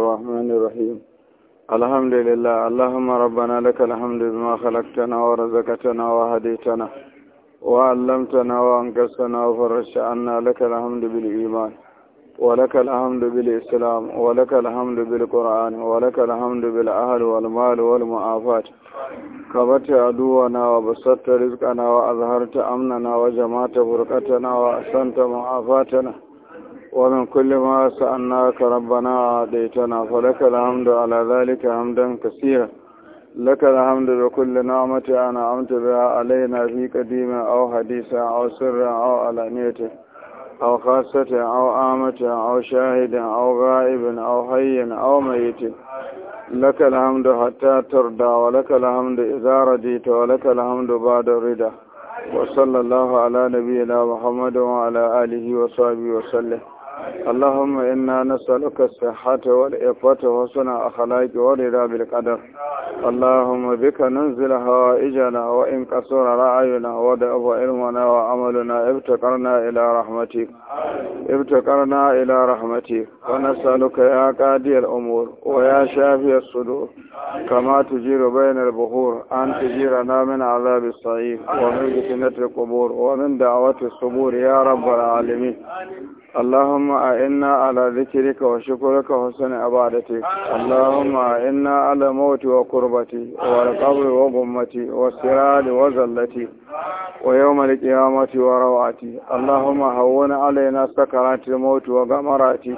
الرحمن الرحيم الحمد لله اللهم ربنا لك الحمد بما خلقتنا ورزقتنا وهديتنا وعلمتنا وأنقذتنا وفرجت عنا لك الحمد بالإيمان ولك الحمد بالإسلام ولك الحمد بالقرآن ولك الحمد بالأهل والمال والمعافات كبت عدونا وبسطت رزقنا وأظهرت أمننا وجمعت بركتنا وأحسنت معافاتنا ومن كل ما سألناك ربنا أعطيتنا فلك الحمد على ذلك حمدا كثيرا لك الحمد بكل نعمة أنعمت بها علينا في قديم أو حديث أو سر أو علانية أو خاصة أو عامة أو شاهد أو غائب أو حي أو ميت لك الحمد حتى ترضى ولك الحمد إذا رضيت ولك الحمد بعد الرضا وصلى الله على نبينا محمد وعلى آله وصحبه وسلم اللهم إنا نسألك الصحة والعفة وحسن أخلاق ورضا بالقدر اللهم بك ننزل هوائجنا وإن قصر رعينا وضعف علمنا وعملنا ابتقرنا إلى رحمتك ابتقرنا إلى رحمتك ونسألك يا قاضي الأمور ويا شافي الصدور كما تجير بين البخور أن تجيرنا من عذاب الصعيد ومن فتنة القبور ومن دعوة الصبور يا رب العالمين اللهم أعنا على ذكرك وشكرك وحسن عبادتك اللهم أعنا على موت وقربتي والقبر وغمتي والسراد وزلتي ويوم القيامة وروعتي اللهم هون علينا سكرات الموت وغمراتي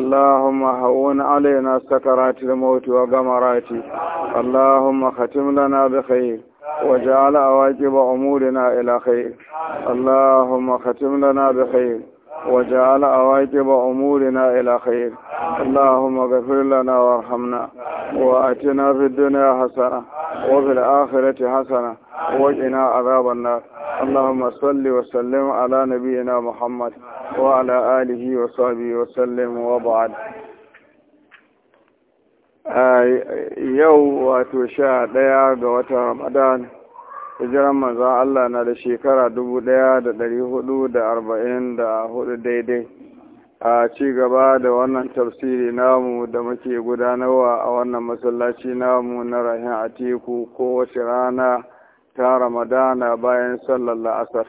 اللهم هون علينا سكرات الموت وغمراتي اللهم ختم لنا بخير وجعل أواجب أمورنا إلى خير اللهم ختم لنا بخير وجعل عواقب أمورنا إلى خير اللهم اغفر لنا وارحمنا وآتنا في الدنيا حسنة وفي الآخرة حسنة وقنا عذاب النار اللهم صل وسلم على نبينا محمد وعلى آله وصحبه وسلم وبعد yau wato sha ɗaya رمضان hijiran manzon Allah na da shekara dubu ɗaya da ɗari hudu da arba'in da hudu daidai a ci gaba da wannan tafsiri namu da muke gudanarwa a wannan masallaci namu na rahin atiku kowace rana ta ramadana bayan sallar la'asar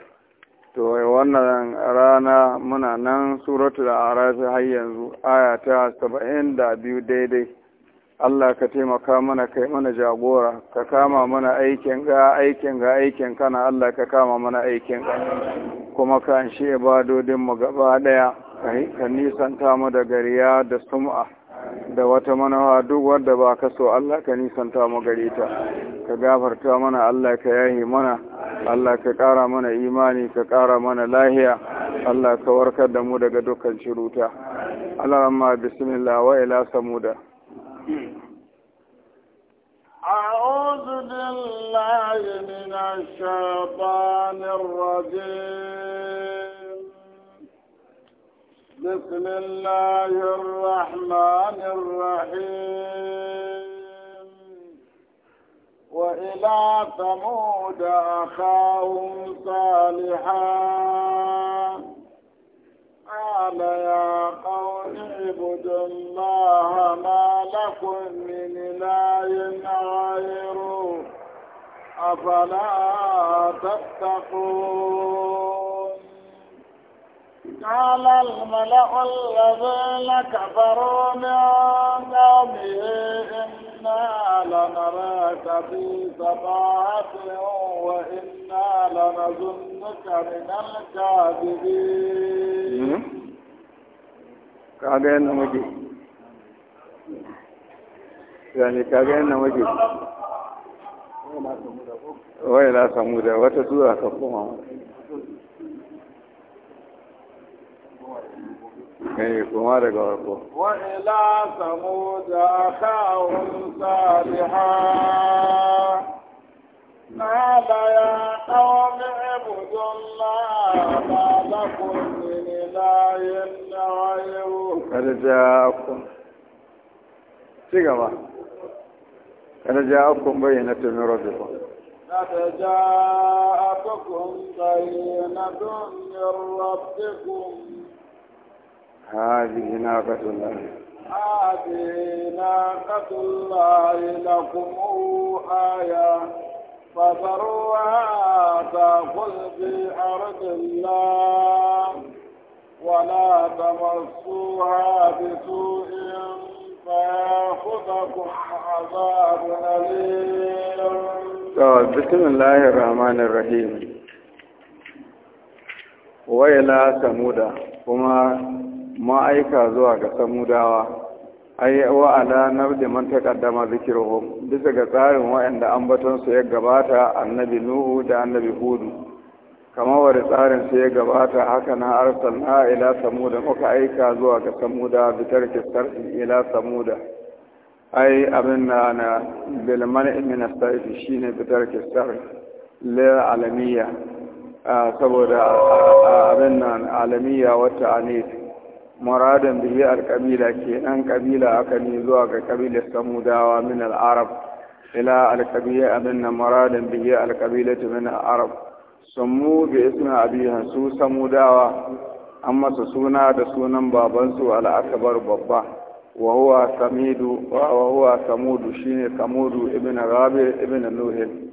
to wannan rana muna nan suratul araf har yanzu aya ta saba'in da biyu daidai Allah ka taimaka mana kai mana jagora ka kama mana aikin ga aikin ga aikin kana Allah ka kama mana aikin kuma ka anshi ibadodin mu gaba daya ka nisanta mu da gariya da sum'a da wata manawa duk wanda ba ka so Allah ka nisanta mu gare ta ka gafarta mana Allah ka yahi mana Allah ka kara mana imani ka kara mana lahiya Allah ka warkar da mu daga dukkan shiruta ta. bismillah wa ila samuda أعوذ بالله من الشيطان الرجيم بسم الله الرحمن الرحيم وإلى ثمود أخاهم صالحا قال يا قوم اعبدوا الله ما لكم من إله غيره أفلا تتقون قال الملأ الذين كفروا من قومه إنا لنراك في سفاهة وإنا لنظنك من الكاذبين. قال إنه gane ga yana mace wai na samu da wata tura ka koma kai kuma daga farko wa ila samuda kawun salihan قال يا قوم اعبدوا الله na لكم Kada ja ku. ci gaba? قد جاءكم بينة من ربكم قد جاءكم بينة من ربكم هذه ناقة الله هذه ناقة الله لكم آية فذروها تأخذ في أرض الله ولا تمسوها بسوء bismillahir rahmanir rahim wayla samuda kuma ma'aika zuwa ga samudawa ai wa ala nabdi man taqaddama zikruhum bisa ga tsarin wa'anda ambaton su ya gabata annabi nuhu da annabi hudu kamar wani tsarin sai ya gabata haka na arsalna ila samuda muka aika zuwa ga samuda bitar kistarfi ila samuda ai abin na na bilman imina sarfi shi ne bitar kistarfi lil alamiya saboda abin na alamiya wata anis muradin bihi ke nan kabila aka ne zuwa ga kabilar samudawa min al-arab ila alkabila abin na muradin bihi alkabila min al-arab sammu bi ismi abiha su dawa an masa suna da sunan babansu al'akabar babba wa huwa samidu wa huwa samudu shine samudu ibn rabi ibn nuhin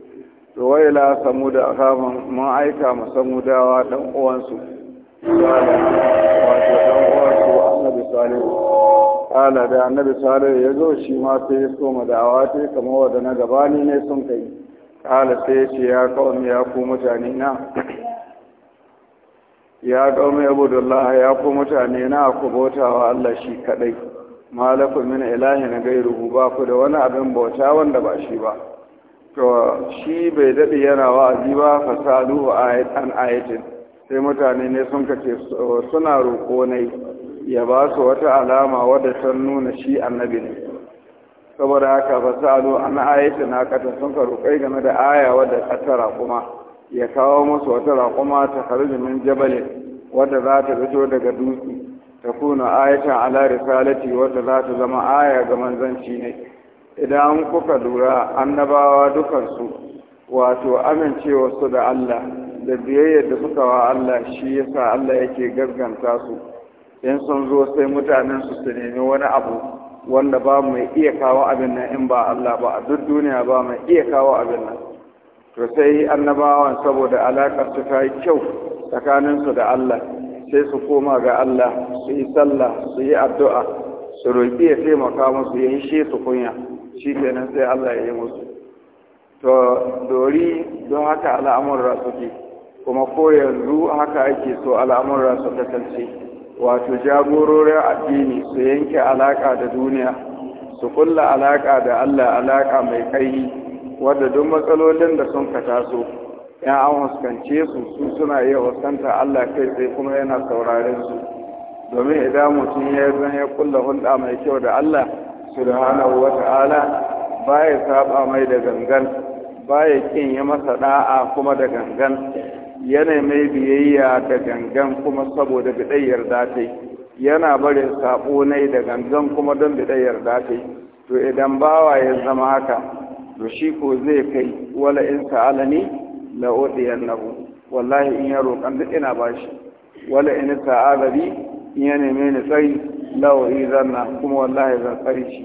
to waila samuda akaban mun aika ma samudawa dan uwansu wato dan uwansu annabi salihu kala da annabi salihu ya zo shi ma sai ya soma da'awa kamar wadda na gabani ne sun kai ƙala sai ya ce ya ƙaumi ya ku mutane na ya ƙaumi abudullah ya ku mutane na ku Allah shi kaɗai malakun min ilahi na gairuhu ba ku da wani abin bauta wanda ba shi ba to shi bai daɗe yana wa'azi ba fasaluhu an ayatin sai mutane ne sun kace suna roƙo ne ya ba su wata alama wadda ta nuna shi annabi ne saboda haka ba sa'alu an ayata na kata sun ka roƙai game da aya wadda tara kuma ya kawo musu wata raƙuma ta kharju min jabalin wadda za ta fito daga dutse ta kuna ayatan ala risalati wadda za ta zama aya ga manzanci ne idan kuka lura annabawa dukansu wato amincewa su da Allah da biyayyar da suka wa Allah shi yasa Allah yake gaskanta su in sun zo sai mutanen su su nemi wani abu wanda ba mai iya kawo abin nan in ba Allah ba a duk duniya ba mai iya kawo abin nan to sai annabawan saboda alaƙar su ta yi kyau tsakaninsu da Allah sai su koma ga Allah su yi sallah su yi addu'a su roƙi ya taimaka musu ya shi su kunya shi kenan sai Allah ya yi musu to dori don haka al'amurra suke kuma ko yanzu haka ake so al'amurra su kasance wato jagororin addini su yanke alaƙa da duniya su kulla alaƙa da Allah alaƙa mai kai wadda duk matsalolin da sun kata su yan an huskance su su suna iya huskanta Allah kai sai kuma yana sauraren su domin idan mutum ya zan ya kulla hulɗa mai kyau da Allah subhanahu wata'ala ta'ala ya saba mai da gangan baya kin ya masa da'a kuma da gangan yana mai biyayya da gangan kuma saboda bidai yarda ta yana barin sabo ne da gangan kuma don bidai yarda ta to idan bawa ya zama haka to shi ko zai kai wala in sa'alani la annahu wallahi in ya roƙan duk ina bashi wala in sa'alabi in ya neme ni tsari la zanna, kuma wallahi zan tsari shi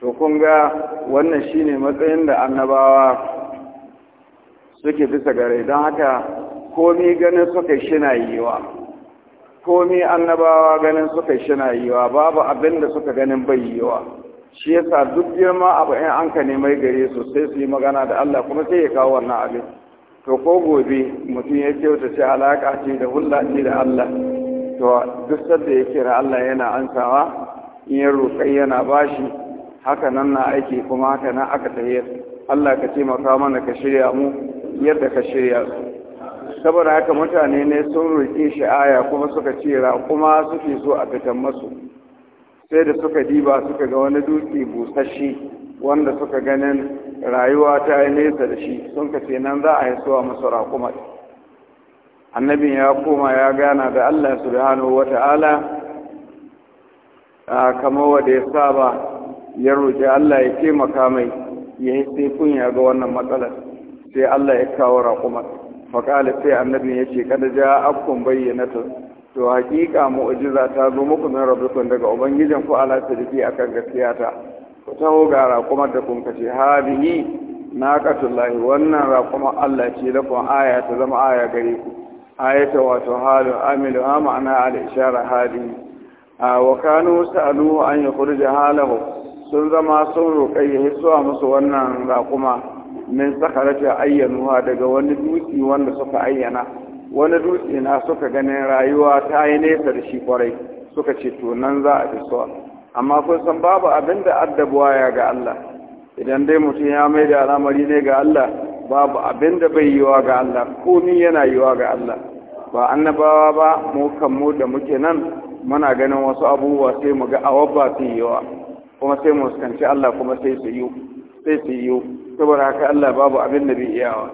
to kun ga wannan shine matsayin da annabawa suke bisa gare don haka komi ganin suka shina yiwa komi annabawa ganin suka shina yiwa babu abin da suka ganin bai yiwa shi yasa duk girma abu in an ka nemai gare su sai su yi magana da Allah kuma sai ya kawo wannan abin to ko gobe mutum ya kyauta ce alaka ce da hulla ce da Allah to duk sanda ya kira Allah yana ansawa in ya roƙai yana bashi haka nan na aiki kuma haka nan aka tahiyar Allah ka taimaka mana ka shirya mu yadda ka shirya su saboda haka mutane ne sun roƙe shi aya kuma suka ce kuma suke so a fitan masu sai da suka diba suka ga wani dutse busasshe wanda suka ganin rayuwa ta yi nesa da shi sun ka ce nan za a yi suwa masu raƙuma annabin ya koma ya gana da allah subhanahu wa ta'ala kamar wanda ya saba ya roƙi allah ya taimaka mai ya yi sai kunya ga wannan matsalar sai allah ya kawo raƙumar faƙala sai annabi ya ce kada ja afkun ta. to haƙiƙa mu'jiza ta zo muku min rabbikum daga ubangijin ku ala sadiki akan gaskiya ta ku taho ga raƙumar da kun kace hadihi naqatullahi wannan raƙumar Allah ce da kun aya ta zama aya gare ku ayata wato halu amilu ha ma'ana al-ishara hadihi wa kanu sa'alu an yukhrija halahu sun zama sun roƙai ya hisuwa musu wannan raƙuma min sakarata ayyanuwa daga wani dutse wanda suka ayyana wani dutse na suka ganin rayuwa ta yi nesa da shi kwarai suka ce to nan za a fi so amma kun san babu abin da addabuwa ya ga Allah idan dai mutum ya mai da al'amari ne ga Allah babu abin da bai yiwa ga Allah komi yana yiwa ga Allah ba annabawa ba mu kan mu da muke nan muna ganin wasu abubuwa sai mu ga awabba su yiwa kuma sai mu fuskanci Allah kuma sai su yi sai su yiwu saboda haka Allah babu abin da bai iyawa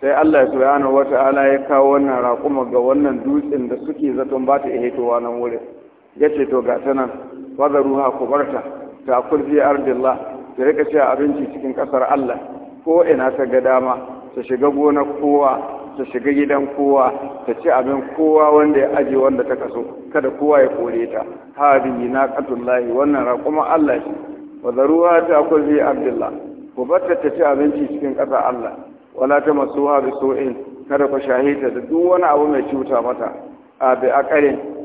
sai Allah ya subhanahu wata'ala ya kawo wannan raƙuma ga wannan dutsen da suke zaton ba ta ihitowa nan wurin ya ce to ga ta nan ruha ku barta ta kurfi ardillah ta rika ci abinci cikin ƙasar Allah ko ina ta ga dama ta shiga gona kowa ta shiga gidan kowa ta ci abin kowa wanda ya aje wanda ta kaso kada kowa ya kore ta na katullahi wannan raƙuma Allah ce wa ruwa ta kulli abdullah ku batta ta ci abinci cikin ƙasa Allah wala ta masuha bi su'in kada ku shahita da duk wani abu mai cuta mata a bi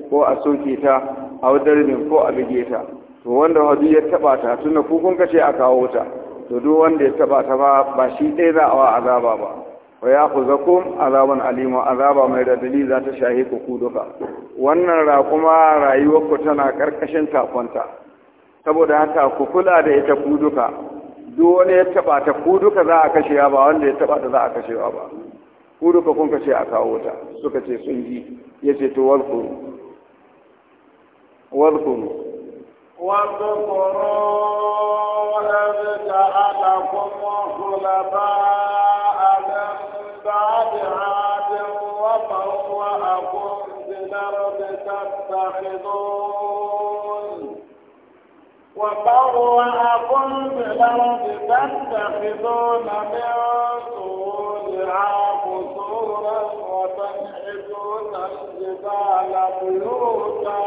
ko a soke ta a ne ko a bige ta to wanda hadu ya taba ta tunda ku kun kace a kawo ta to duk wanda ya taba ta ba ba shi ɗaya za a wa azaba ba wa ya kuzakum azaban alima azaba mai radadi za ta shahi ku duka wannan raƙuma rayuwarku tana ƙarƙashin takwanta. saboda haka ku kula da ita kuduka. duka duk wani ya taba ta kuduka za a kashe ba wanda ya taba ta za a kashe ba Kuduka duka kun kashe a kawo ta suka ce sun ji ya ce to walkuru walkuru واذكروا إذ جعلكم خلفاء من بعد عاد وبوأكم في الأرض تتخذون وبوأكم بالأرض تتخذون من سهولها قصورا وتنحتون الجبال بيوتا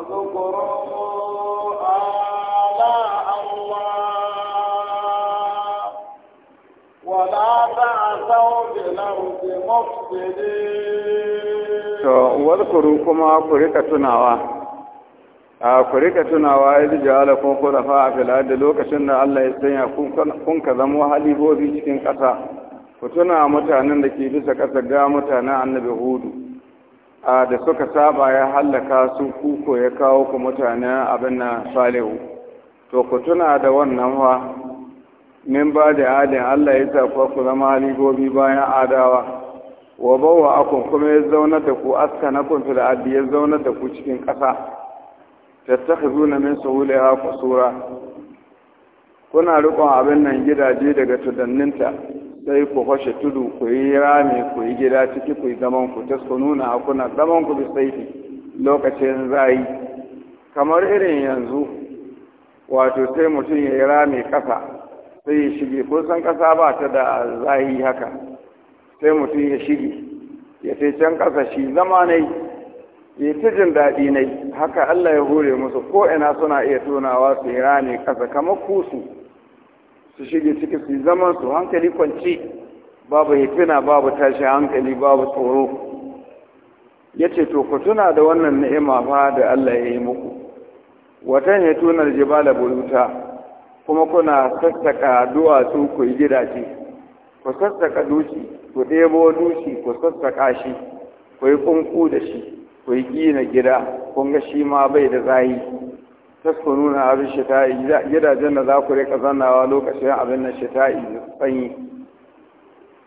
اذكروا آلاء الله ولا تعثوا بالأرض مفسدين. واذكروا كما قرئت تناوى a ku rika tunawa ya ji jihala kun kuna fa'a a filada lokacin da Allah ya sanya kun ka zama halibobi cikin ƙasa ku tuna mutanen da ke bisa ƙasa ga mutanen annabi hudu a da suka saba ya hallaka su kuko ya kawo ku mutanen abin na salihu to ku tuna da wannan wa min ba da adin Allah ya sa ku zama halibobi bayan adawa wa bawa akun kuma ya zaunar da ku aska na da fil ya zaunar da ku cikin ƙasa tattakhizuna min suhuliha qusura kuna rikon abin nan gidaje daga tudanninta sai ku fashe tudu ku yi rami ku yi gida ciki ku yi zaman ku taskununa kuna zaman ku bi saifi lokacin zayi kamar irin yanzu wato sai mutum ya yi rami ƙasa sai ya shige ko san ƙasa ba ta da zahi haka sai mutum ya shige ya sai can ƙasa shi zama ne yi ta jin daɗi ne haka Allah ya hore musu ko ina suna iya tunawa su yi rani ƙasa kamar kusu su shige ciki su zaman su hankali kwanci babu hifina babu tashi hankali babu tsoro ya ce to ku tuna da wannan ni'ima fa da Allah ya yi muku watan ya tunar jibala buluta kuma kuna sassaka duwatsu ku yi gidaje ku sassaka dushi, ku ɗebo dushi, ku sassaka shi ku yi kunku da shi ku yi gina gida kun ga shi ma bai da tsayi taskunu na abin shita'i gidajen da za ku rika zannawa lokacin abin na shita'i sanyi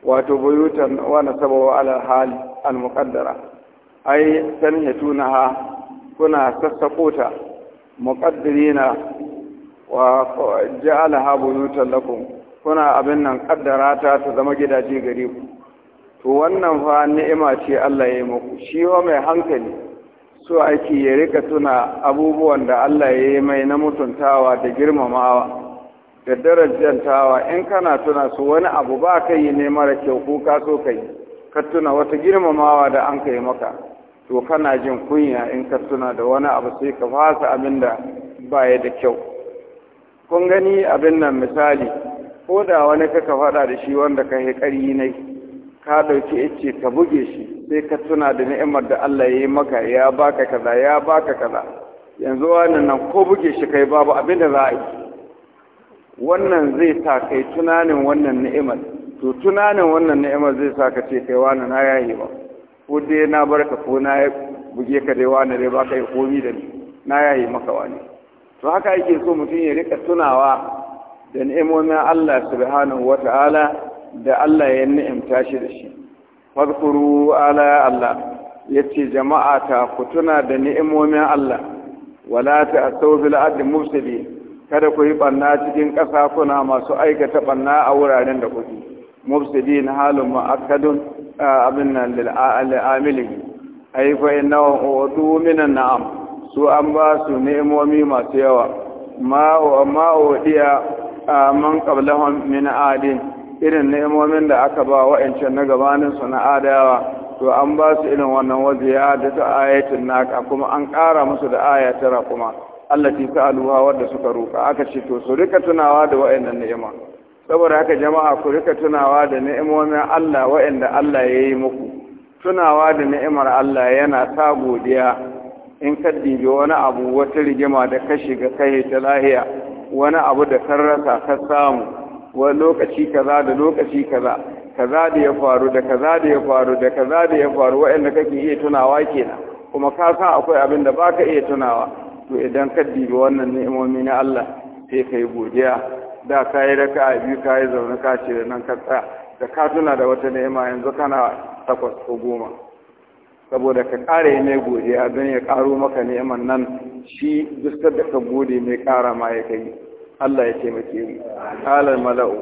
wato buyutan wani sabawa alal hali al-muqaddara ai tanhituna ha kuna sassako ta muqaddirina wa ja'alaha buyutan lakum kuna abin nan kaddara ta ta zama gidaje gare ku to wannan fa ni'ima ce Allah ya yi muku shi wa mai hankali so ake ya rika tuna abubuwan da Allah ya yi mai na mutuntawa da girmamawa da darajantawa in kana tuna su wani abu ba ka yi ne mara kyau ko ka so ka yi ka tuna wata girmamawa da an ka yi maka to kana jin kunya in ka tuna da wani abu sai ka fasa abin da ya da kyau kun gani abin nan misali ko da wani kaka faɗa da shi wanda ka yi ƙari ne ka ɗauki ice ka buge shi sai ka tuna da ni'imar da Allah ya yi maka ya baka kaza ya baka kaza yanzu wannan nan ko buge shi kai babu abin da za a yi wannan zai sa kai tunanin wannan ni'imar to tunanin wannan ni'imar zai sa ka ce kai wani na yayi ba ko dai na barka ko na buge ka dai wani dai baka yi komi da ni na yayi maka wani to haka yake so mutum ya rika tunawa da ni'imomin Allah subhanahu wata'ala da Allah ya ni'imta shi da shi fadkuru ala Allah yace jama'a ta ku tuna da ni'imomin Allah wala ta'tau bil adi mufsidi kada ku yi banna cikin ƙasa kuna masu aikata banna a wuraren da kuke mufsidi na halin mu'akkadun abin nan lil amili ai fa innahu utu minan na'am su an ba su ni'imomi masu yawa ma wa ma man qablahum min adin irin ne'imomin da aka ba wa'ancan na gabanin su na adawa to an ba su irin wannan waje ya da ta ayatin naka kuma an ƙara musu da aya tara kuma allati aluwa wanda suka roka aka ce to su rika tunawa da wa'annan ni'ima saboda haka jama'a ku rika tunawa da ni'imomin Allah wa'anda Allah ya yi muku tunawa da ni'imar Allah yana sa godiya in ka dibi wani abu wata rigima da ka shiga kai ta lahiya wani abu da karrasa rasa ka samu wa lokaci kaza da lokaci kaza kaza da ya faru da kaza da ya faru da kaza da ya faru waɗanda kake iya tunawa kenan kuma ka san akwai abin da baka iya tunawa to idan ka dibi wannan ni'imomi na Allah sai ka godiya da kai yi raka a biyu ka yi zaune ka ce da nan ka tsaya da ka tuna da wata ni'ima yanzu kana takwas ko goma saboda ka ƙara mai godiya don ya karo maka ni'iman nan shi duk da ka gode mai kara ma ya kai Allah ya taimake mu halal mala'u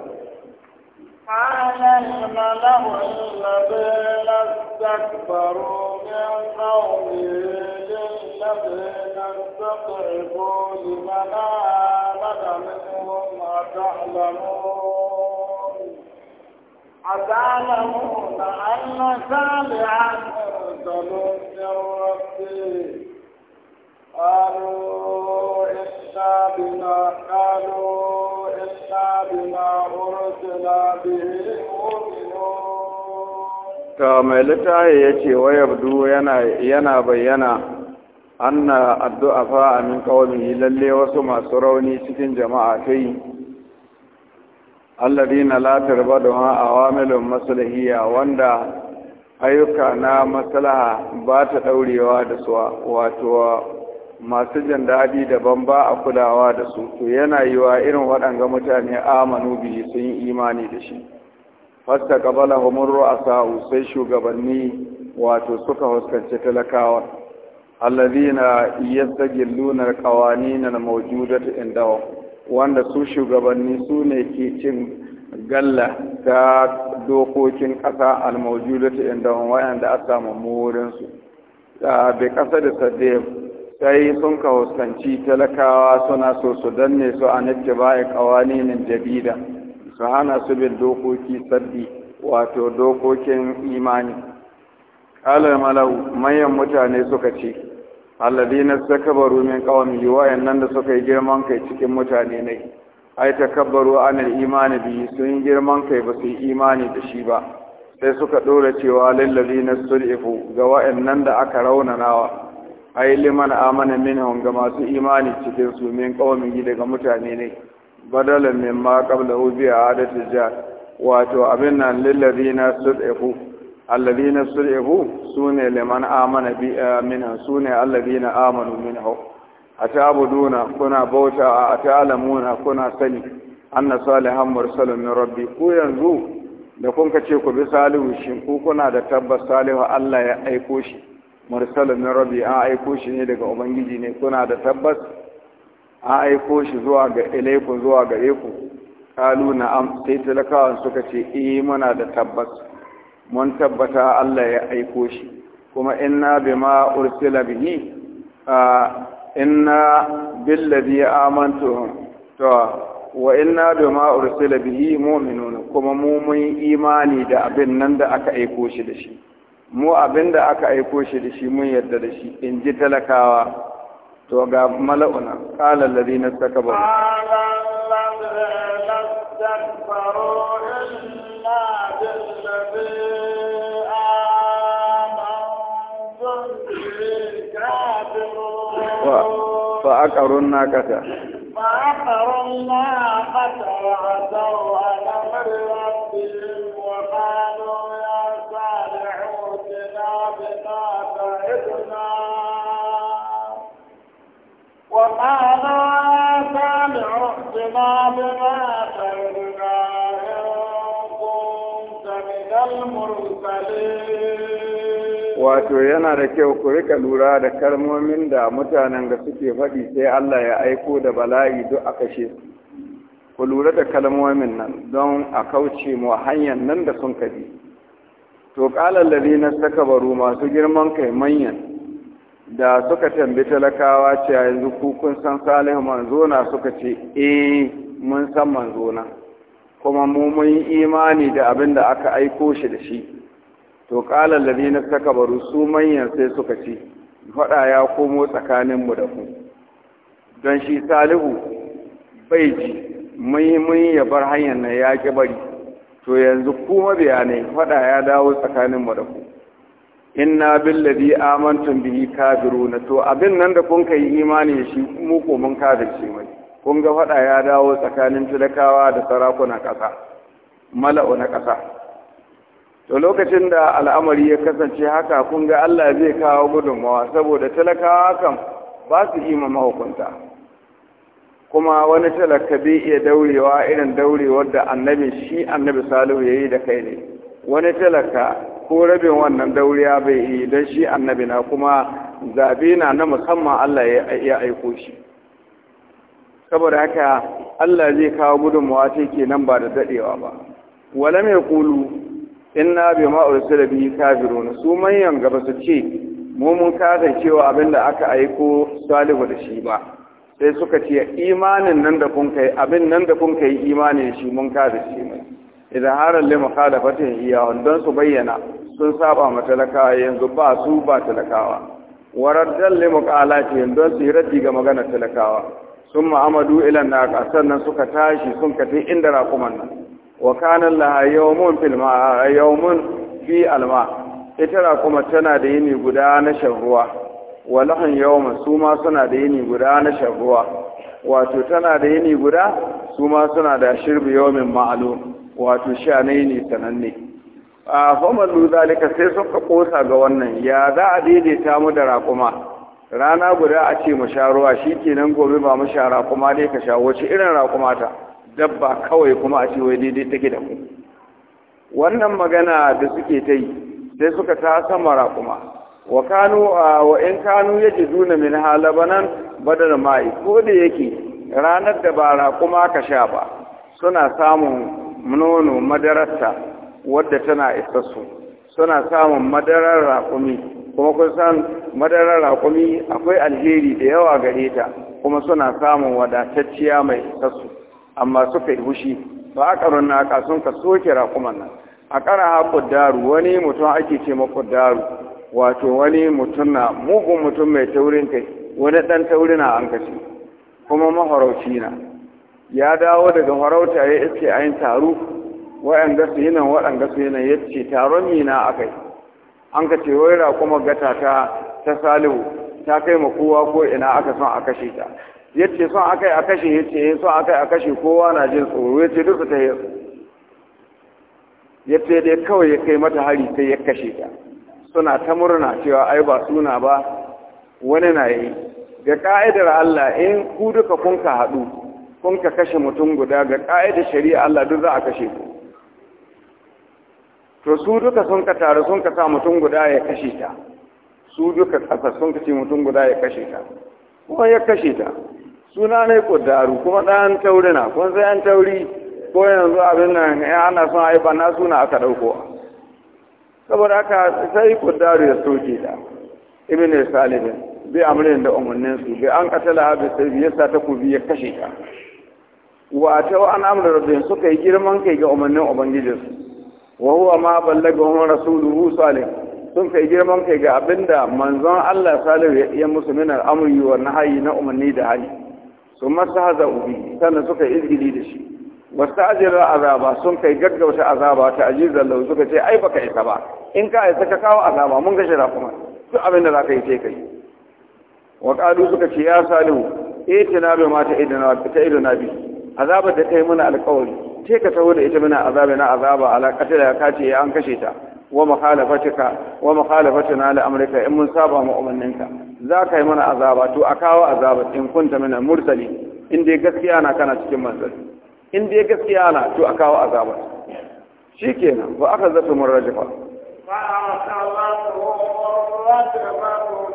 halal mala'u alladhina istakbaru min qawmihi lilladhina istad'ifu liman amana minhum ata'lamun ata'lamun anna salihan مرسل من ربه قالوا ta mai littafi ya ce wa yabdu yana bayyana anna addu'a fa amin kawai lalle wasu masu rauni cikin jama'a ta yi alladina la tarba da wa maslahiya wanda ayyuka na maslaha ba ta daurewa da su wato masu jan daɗi daban ba a kulawa da su to yana wa irin waɗanga mutane amanu biyu sun yi imani da shi fasta kabala a sa'u sai shugabanni wato suka huskanci talakawa allazina na alqawanin almawjudatu indahu wanda su shugabanni su ne ke cin galla ta dokokin ƙasa inda indahu wa'anda a samu murinsu. su ah, bai ƙasa da sadde sai sun ka huskanci talakawa suna so su danne su a nake baya kawaninin jadida su hana su bin dokoki sabbi wato dokokin imani kalar malau manyan mutane suka ce na sakabaru min qawmi wayannan da suka yi girman kai cikin mutane ne ai takabbaru anil imani bi sun girman kai ba su yi imani da shi ba sai suka dora cewa lallabi na sulifu ga wayannan da aka raunanawa ai liman amana minhum ga masu imani cikin su min qaumin daga mutane ne badalan min ma qablahu bi adati ja wato abin nan lil ladina sudifu alladina sudifu sune liman amana bi eh, minhum sune alladina amanu minhu atabuduna kuna bauta atalamuna kuna sani anna salihan mursalun min rabbi ku yanzu da kun ka ce ku bi salihu shin ku kuna da tabbas salihu Allah ya aiko shi mursalin na Rabi an aiko shi ne daga ubangiji ne suna da tabbas an aiko shi zuwa ga ilaiku zuwa ga Eku. kalu na'am sai talakawan suka ce eh muna da tabbas mun tabbata Allah ya aiko shi kuma inna bima ursila bihi inna billadhi amantu to wa inna bima ursila bihi mu'minun kuma mu mun imani da abin nan da aka aiko shi da shi mu abin da aka aiko shi da shi mun yarda da shi in ji talakawa to ga mala'una ƙalar lari na saka ba fa aqarun naqata fa aqarun naqata wa ta'ala wato yana da kyau ku rika lura da kalmomin da mutanen da suke faɗi sai Allah ya aiko da bala'i duk a kashe su ku lura da kalmomin nan don a kauce mu hanyar nan da sun kabi to ƙalar na saka baro masu girman kai manyan da suka tambi talakawa ce yanzu kukun san salihu manzo na suka ce eh mun san manzo na kuma mu mun yi imani da abin da aka aiko shi da shi to na saka takabaru su manyan sai suka ci faɗa ya komo tsakanin da ku don shi salihu bai ji mun ya bar hanyar na ya ki bari to yanzu kuma bayanai faɗa ya dawo tsakanin mu da ku inna billazi amantum bihi kafiruna to abin nan da kun kai imani shi mu ko mun kafirce mai kun ga faɗa ya dawo tsakanin talakawa da sarakunan ƙasa mala'u na ƙasa to lokacin da al'amari ya kasance haka kun ga Allah zai kawo gudunmawa saboda talakawa kan ba su yi ma mahukunta kuma wani talaka bai iya daurewa irin daurewar da annabi shi annabi salihu ya yi da kai ne wani talaka ko rabin wannan dauriya bai yi don shi annabi na kuma zabe na na musamman Allah ya aiko shi saboda haka Allah zai kawo gudunmawa ce nan ba da daɗewa ba wala mai kulu in inna bi ma da bi kafirun su manyan gaba su ce mu mun kasa cewa da aka aiko salihu da shi ba sai suka ce imanin nan da kun kai abin nan da kun kai imanin shi mun kasa shi mai idan harin lima da fatin iya don su bayyana sun saba ma talakawa yanzu ba su ba talakawa warar dalle mukalati don su yi raddi ga maganar talakawa sun ma'amadu ilan na sannan suka tashi sun kafi inda raƙuman nan wa kanan laha yawmun filma yawmun fi alma ita raƙuma tana da yini guda na shan ruwa wa lahan yawma su ma suna da yini guda na shan ruwa wato tana da yini guda su ma suna da shirbi yawon ma'alum wato sha na yini sananne a famar zalika sai suka ƙosa ga wannan ya za a daidaita mu da raƙuma rana guda a ce mu sha ruwa shi kenan gobe ba mu sha raƙuma dai ka shawo irin raƙuma ta dabba kawai kuma a ce wai daidai take da mu wannan magana da suke ta yi sai suka ta sama raƙuma wa kanu wa in kanu yake duna min halabanan badar ma'i ko da yake ranar da ba raƙuma ka sha ba suna samun nono madararta wadda tana isassu suna samun madarar raƙumi kuma kun san madarar raƙumi akwai alheri da yawa gare ta kuma suna samun wadatacciya mai sassu amma suka yi hushi ba a ƙaron naka sun ka soke raƙuman nan a ƙara ƙuddaru wani mutum ake ce ma ƙuddaru wato wani mutum na mugun mutum mai taurin kai wani ɗan taurin na an kashe kuma maharauci na ya dawo daga farauta ya a ayin taro waɗanda su yi nan waɗanda su yi nan ya ce taron mina akai an ka ce wai kuma gata ta ta salihu ta kai ma kowa ko ina aka son a kashe ta ya ce son aka yi a kashe ya ce son aka yi a kashe kowa na jin tsoro ya ce duk su ta yi ya ce dai kawai ya kai mata hari sai ya kashe ta suna ta murna cewa ai ba suna ba wani na yi ga ka'idar Allah in ku duka kun ka haɗu kun ka kashe mutum guda ga ka'idar shari'a Allah duk za a kashe ku to su duka sun ka taru sun ka sa mutum guda ya kashe ta su duka kasa sun ce mutum guda ya kashe ta kuma ya kashe ta suna ne daru kuma ɗayan tauri na kun sai an tauri ko yanzu abin nan ya ana son haifa na suna aka ɗauko saboda haka sai daru ya soke ta ibn salihin bi amrin da umarnin su bi an katala bi sai ya sa takobi ya kashe ta wa ta an amra rabbin suka yi girman kai ga umarnin ubangijinsu wa huwa ma ballagahu rasuluhu salih sun kai girman kai ga abinda manzon Allah salih ya musu min al'amri wa nahayi na umarni da hali sun masa haza ubi sannan suka izgili da shi wasu ajiyar azaba sun kai gaggauta azaba ta ajiyar lau suka ce ai baka isa ba in ka isa ka kawo azaba mun gashi da kuma duk abin da za ka yi ce kai wa suka ce ya salihu eh tana bai mata idana ta idana bi azabar da kai mana alƙawari ce ka taho da ita muna azaba na azaba ala da kace ya an kashe ta wa mukhalafatika wa mukhalafatuna li amrika in mun saba mu umanninka za ka yi mana azaba to a kawo azaba in kunta mana mursali in dai gaskiya na kana cikin manzali in dai gaskiya na to a kawo azaba shikenan wa aka zafi mun rajifa فأخذته الرجفة فأتبعوا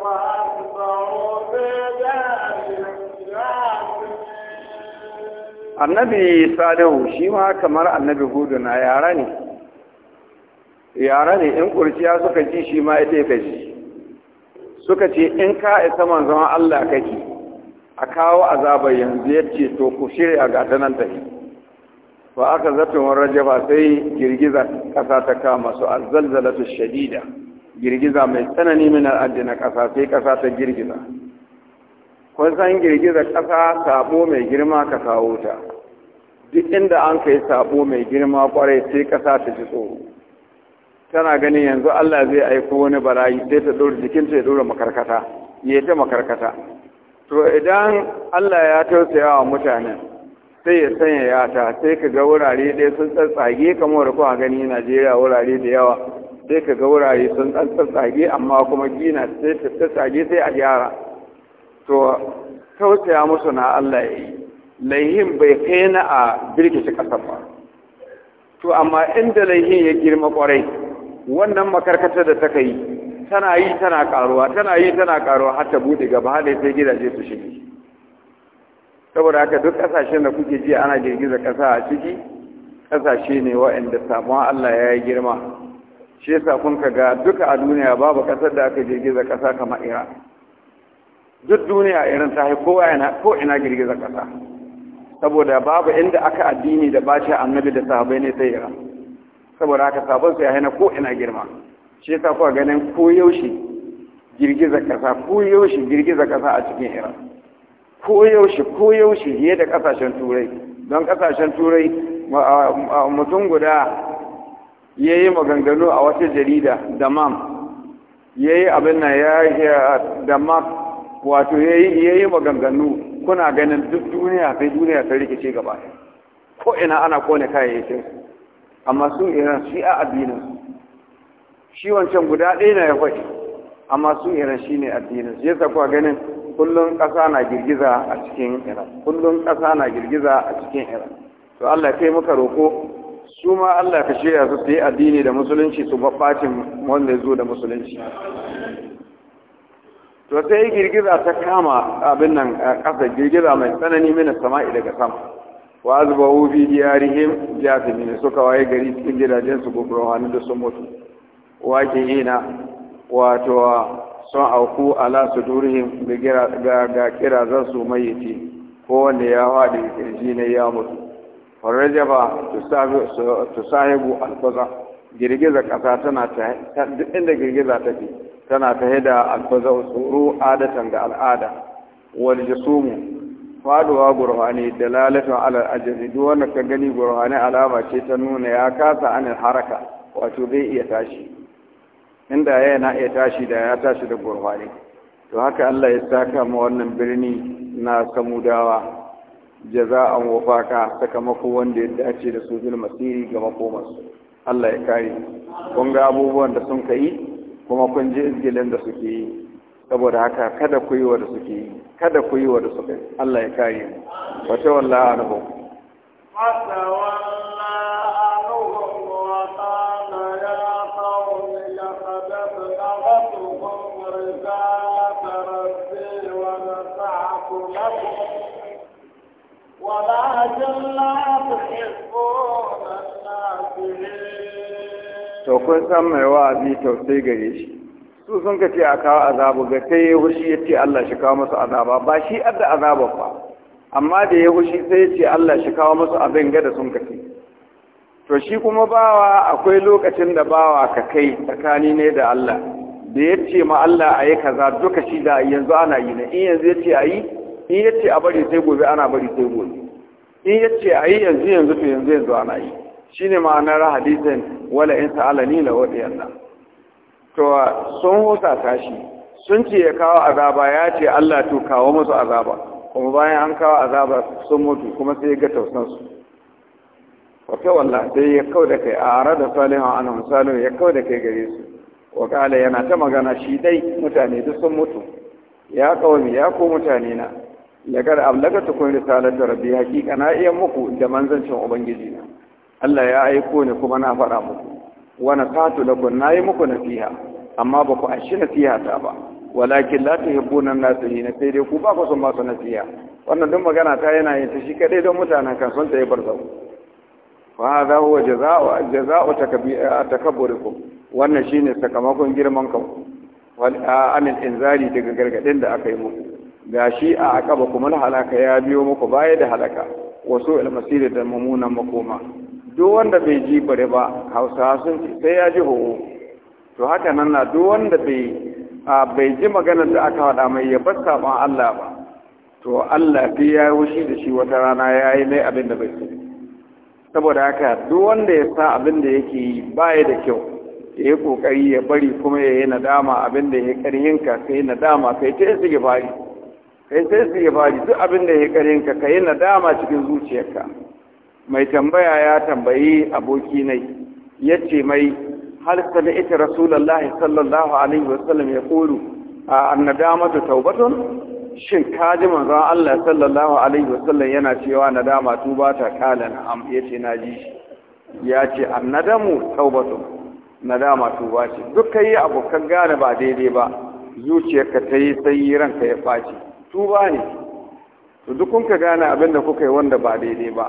بجانب الجانب annabi salihu shi ma kamar annabi hudu na yara ne yara ne in kurciya suka ji shi ma ita ka ji suka ce in ka isa manzon Allah kake a kawo azabar yanzu ya ce to ku shirya ga ta ba aka zaton wani ba sai girgiza kasa ta kama su azzalzalatu shadida girgiza mai tsanani min addina kasa sai kasa ta girgiza kun san girgizar ƙasa sabo mai girma ka kawo ta duk inda an kai sabo mai girma kwarai sai ƙasa ta ji tsoro tana ganin yanzu Allah zai aiko wani barayi sai ta ɗora jikinta ya ɗora makarkata ya ta makarkata to idan Allah ya tausaya wa mutanen sai ya sanya yata sai ka ga wurare ɗaya sun tsatsage kamar ku a gani Najeriya wurare da yawa sai ka ga wurare sun tsatsage amma kuma gina sai ta tsatsage sai a gyara to tausaya musu na Allah ya yi laihin bai kai na a birkice ƙasar ba to amma inda laihin ya girma kwarai, wannan makarkatar da ta yi tana yi tana ƙaruwa tana yi tana ƙaruwa har ta buɗe gaba har sai gidaje su shige saboda haka duk ƙasashen da kuke ji ana girgiza ƙasa a ciki ƙasashe ne waɗanda samuwa Allah ya yi girma shi yasa kun ka ga duka a duniya babu ƙasar da aka girgiza ƙasa kamar Iran duk duniya irin ta kowa yana ko ina girgiza kasa saboda babu inda aka addini da bashi annabi da sahabbai ne sai iran saboda haka sabon sai ya ko ina girma shi yasa kuwa ganin ko yaushe girgiza kasa ko yaushe girgiza kasa a cikin iran ko yaushe ko yaushe fiye da kasashen turai don kasashen turai mutum guda ya yi maganganu a wata jarida da mam ya yi abin nan ya da mam. wato ya yi maganganu kuna ganin duk duniya sai duniya ta rikice gaba ko ina ana kone kayayyakin amma su iran shi a addinin shi wancan guda ɗaya na ya faɗi amma su iran shi ne addinin shi yasa ganin kullum ƙasa na girgiza a cikin iran kullum ƙasa na girgiza a cikin iran to allah kai muka roko su ma allah ka shirya su su yi addini da musulunci su babbacin wanda ya zo da musulunci to sai girgiza ta kama abin nan kasa girgiza mai tsanani mina sama'i daga sama wa azba wufi diyarihim jafimi suka waye gari cikin gidajen su gobro wani da sun mutu ke ina wato sun auku ala sudurihim ga kira zan su mayyiti ko wanda ya wadi kirji ne ya mutu farajaba tusahibu alfaza girgiza ƙasa tana ta duk inda girgiza take tana ta hida alfaza tsoro adatan da al'ada wal jasumu faduwa gurhani dalalatu ala ajri duk wanda ka gani gurhani alama ce ta nuna ya kasa anil haraka wato zai iya tashi inda na iya tashi da ya tashi da gurhani to haka Allah ya saka ma wannan birni na samudawa jaza'an wafaka sakamako wanda ya dace da su masiri ga makomarsu Allah ya kare kun ga abubuwan da sun kai kuma kun ji izgilin da suke yi saboda haka kada ku yi wa da suke yi kada ku yi wa da suke Allah ya kare mu wa tawalla wa ولكن لا to kun san mai wa'azi tausayi gare shi su sun ka ce a kawo azabu ga ta ya hushi ya ce Allah shi kawo musu azaba ba shi adda azaba ba amma da ya hushi sai ya ce Allah shi kawo musu abin gada sun ka ce to shi kuma bawa akwai lokacin da bawa ka kai tsakani ne da Allah da ya ce ma Allah a yi kaza duka shi da yanzu ana yi na in yanzu ya ce a yi in ya ce a bari sai gobe ana bari sai gobe in ya ce a yi yanzu yanzu to yanzu yanzu ana yi shine ma'anar hadisin wala in sa'alani la Allah to sun husa shi sun ce ya kawo azaba ya ce Allah to kawo musu azaba kuma bayan an kawo azaba sun mutu kuma sai ga tausan su wata walla sai ya kau da kai a ara da salihu anhu salihu ya kau da kai gare su wa kala yana ta magana shi dai mutane duk sun mutu ya ni, ya ko mutane na Ya lagar ablaka tukun risalar da Rabi hakika na iya muku da manzancin ubangiji na Allah ya aiko ni kuma na faɗa muku Wani wa da kun nayi muku nasiha amma ba ku ashi nasiha ta ba walakin la tuhibbuna na sai dai ku ba ku son ba su nasiha wannan duk magana ta yana yin ta shi kadai don mutanen kan son ta yi barzau fa hadha huwa jazaa'u jazaa'u takabburikum wannan shine sakamakon girman kanku wal amin inzali daga gargadin da aka yi muku gashi a akaba kuma halaka ya biyo muku baya da halaka wasu almasiri da mummunan makoma duk wanda bai ji bare ba hausawa sun ce sai ya ji ho'o to haka nan na duk wanda bai ji maganar da aka faɗa mai ya bar saɓon Allah ba to Allah fi ya yi wushi da shi wata rana ya yi mai abin da bai so saboda haka duk wanda ya sa abin da yake yi baya da kyau ya yi kokari ya bari kuma ya yi nadama abin da ya ka yi nadama kai ta yi fari sai su yi fari duk abin da ya karhinka ka yi nadama cikin zuciyarka mai tambaya ya tambayi aboki ne yace mai hal ita rasulullahi sallallahu alaihi wasallam yaqulu annadamatu taubatun shin ka ji manzon Allah sallallahu alaihi wasallam yana cewa nadama tuba ta kala na'am yace na ji shi ya ce annadamu taubatun nadama tuba ce duk kai abokan gane ba daidai ba zuciyarka ta yi sai ranka ya faci tuba ne to duk kun ka gane abin da kuka yi wanda ba daidai ba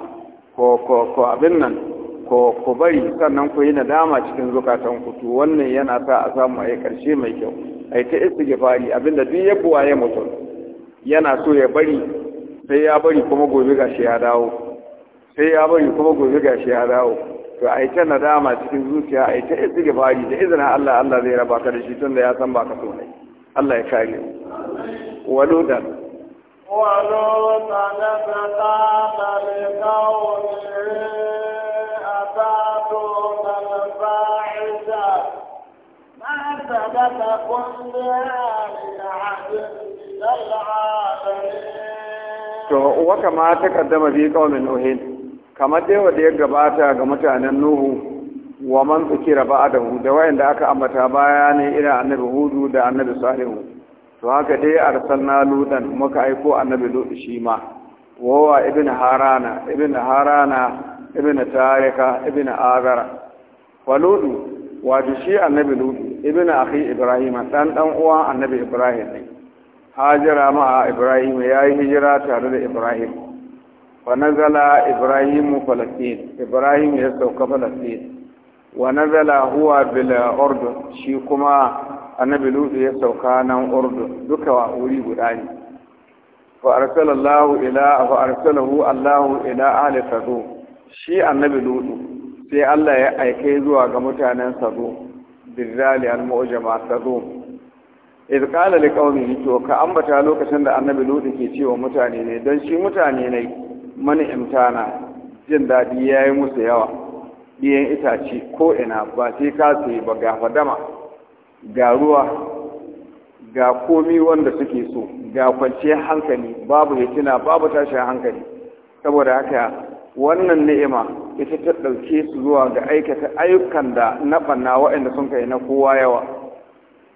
ko ko ko abin nan ko ko bari sannan ku yi nadama cikin zukatan ku to wannan yana sa a samu ai karshe mai kyau ai ta istighfari da duk ya ya mutum yana so ya bari sai ya bari kuma gobe gashi ya dawo sai ya bari kuma gobe gashi ya dawo to ai ta nadama cikin zuciya ai ta istighfari da izinin Allah Allah zai raba ka da shi tunda ya san ba ka so ne Allah ya kare ku waludan to wa kama ta kaddama fi qaumin nuhin kamar dai wanda ya gabata ga mutanen nuhu wa man zikira ba'dahu da wayanda aka ambata baya ne irin annabi hudu da annabi salihu to haka dai arsalna ludan muka aiko annabi lud shi ma wawa ibn harana ibn harana ibn tarika ibn agara wa ludu wato shi annabi lud ibn akhi ibrahim dan dan uwa annabi ibrahim ne hajira ma ibrahim yayi hijira tare da ibrahim fa nazala ibrahim falastin ibrahim ya sauka falastin wa nazala huwa bil urdun shi kuma annabi lutu ya sauka nan urdun duka wa wuri guda ne fa arsalallahu ila fa arsalahu allahu ila ahli sadu shi annabi lutu sai Allah ya aike zuwa ga mutanen sadu birrali al-mu'jama sadu idh qala liqaumihi to ka ambata lokacin da annabi lutu ke cewa mutane ne dan shi mutane ne mani imtana jin dadi yayi musu yawa ɗiyan itace ko ina ba sai ka sayi ba ga fadama ga ruwa ga komi wanda suke so ga kwanciyar hankali babu hitina babu tashin hankali saboda haka wannan ni'ima ita ta ɗauke su zuwa ga aikata ayyukan da na ɓanna waɗanda sun kai na kowa yawa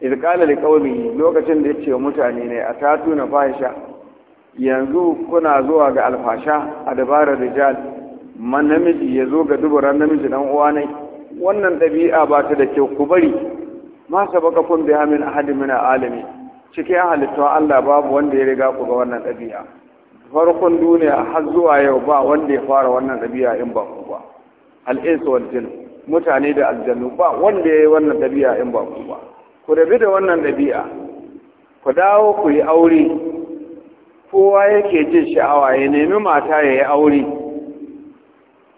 irƙalar ƙaumi lokacin da ya ce mutane ne a tatu na fahisha yanzu kuna zuwa ga alfasha a dabarar rijal man namiji ya zo ga duburan namiji dan uwa ne wannan ɗabi'a ba ta da kyau ku bari ma sabaka kun biha min ahadi min alami cikin halittun Allah babu wanda ya riga ku ga wannan ɗabi'a farkon duniya har zuwa yau ba wanda ya fara wannan ɗabi'a in ba ku ba insu wal jin mutane da aljannu ba wanda ya yi wannan ɗabi'a in ba ku ba ku rabi da wannan ɗabi'a ku dawo ku yi aure kowa yake jin sha'awa ya nemi mata ya yi aure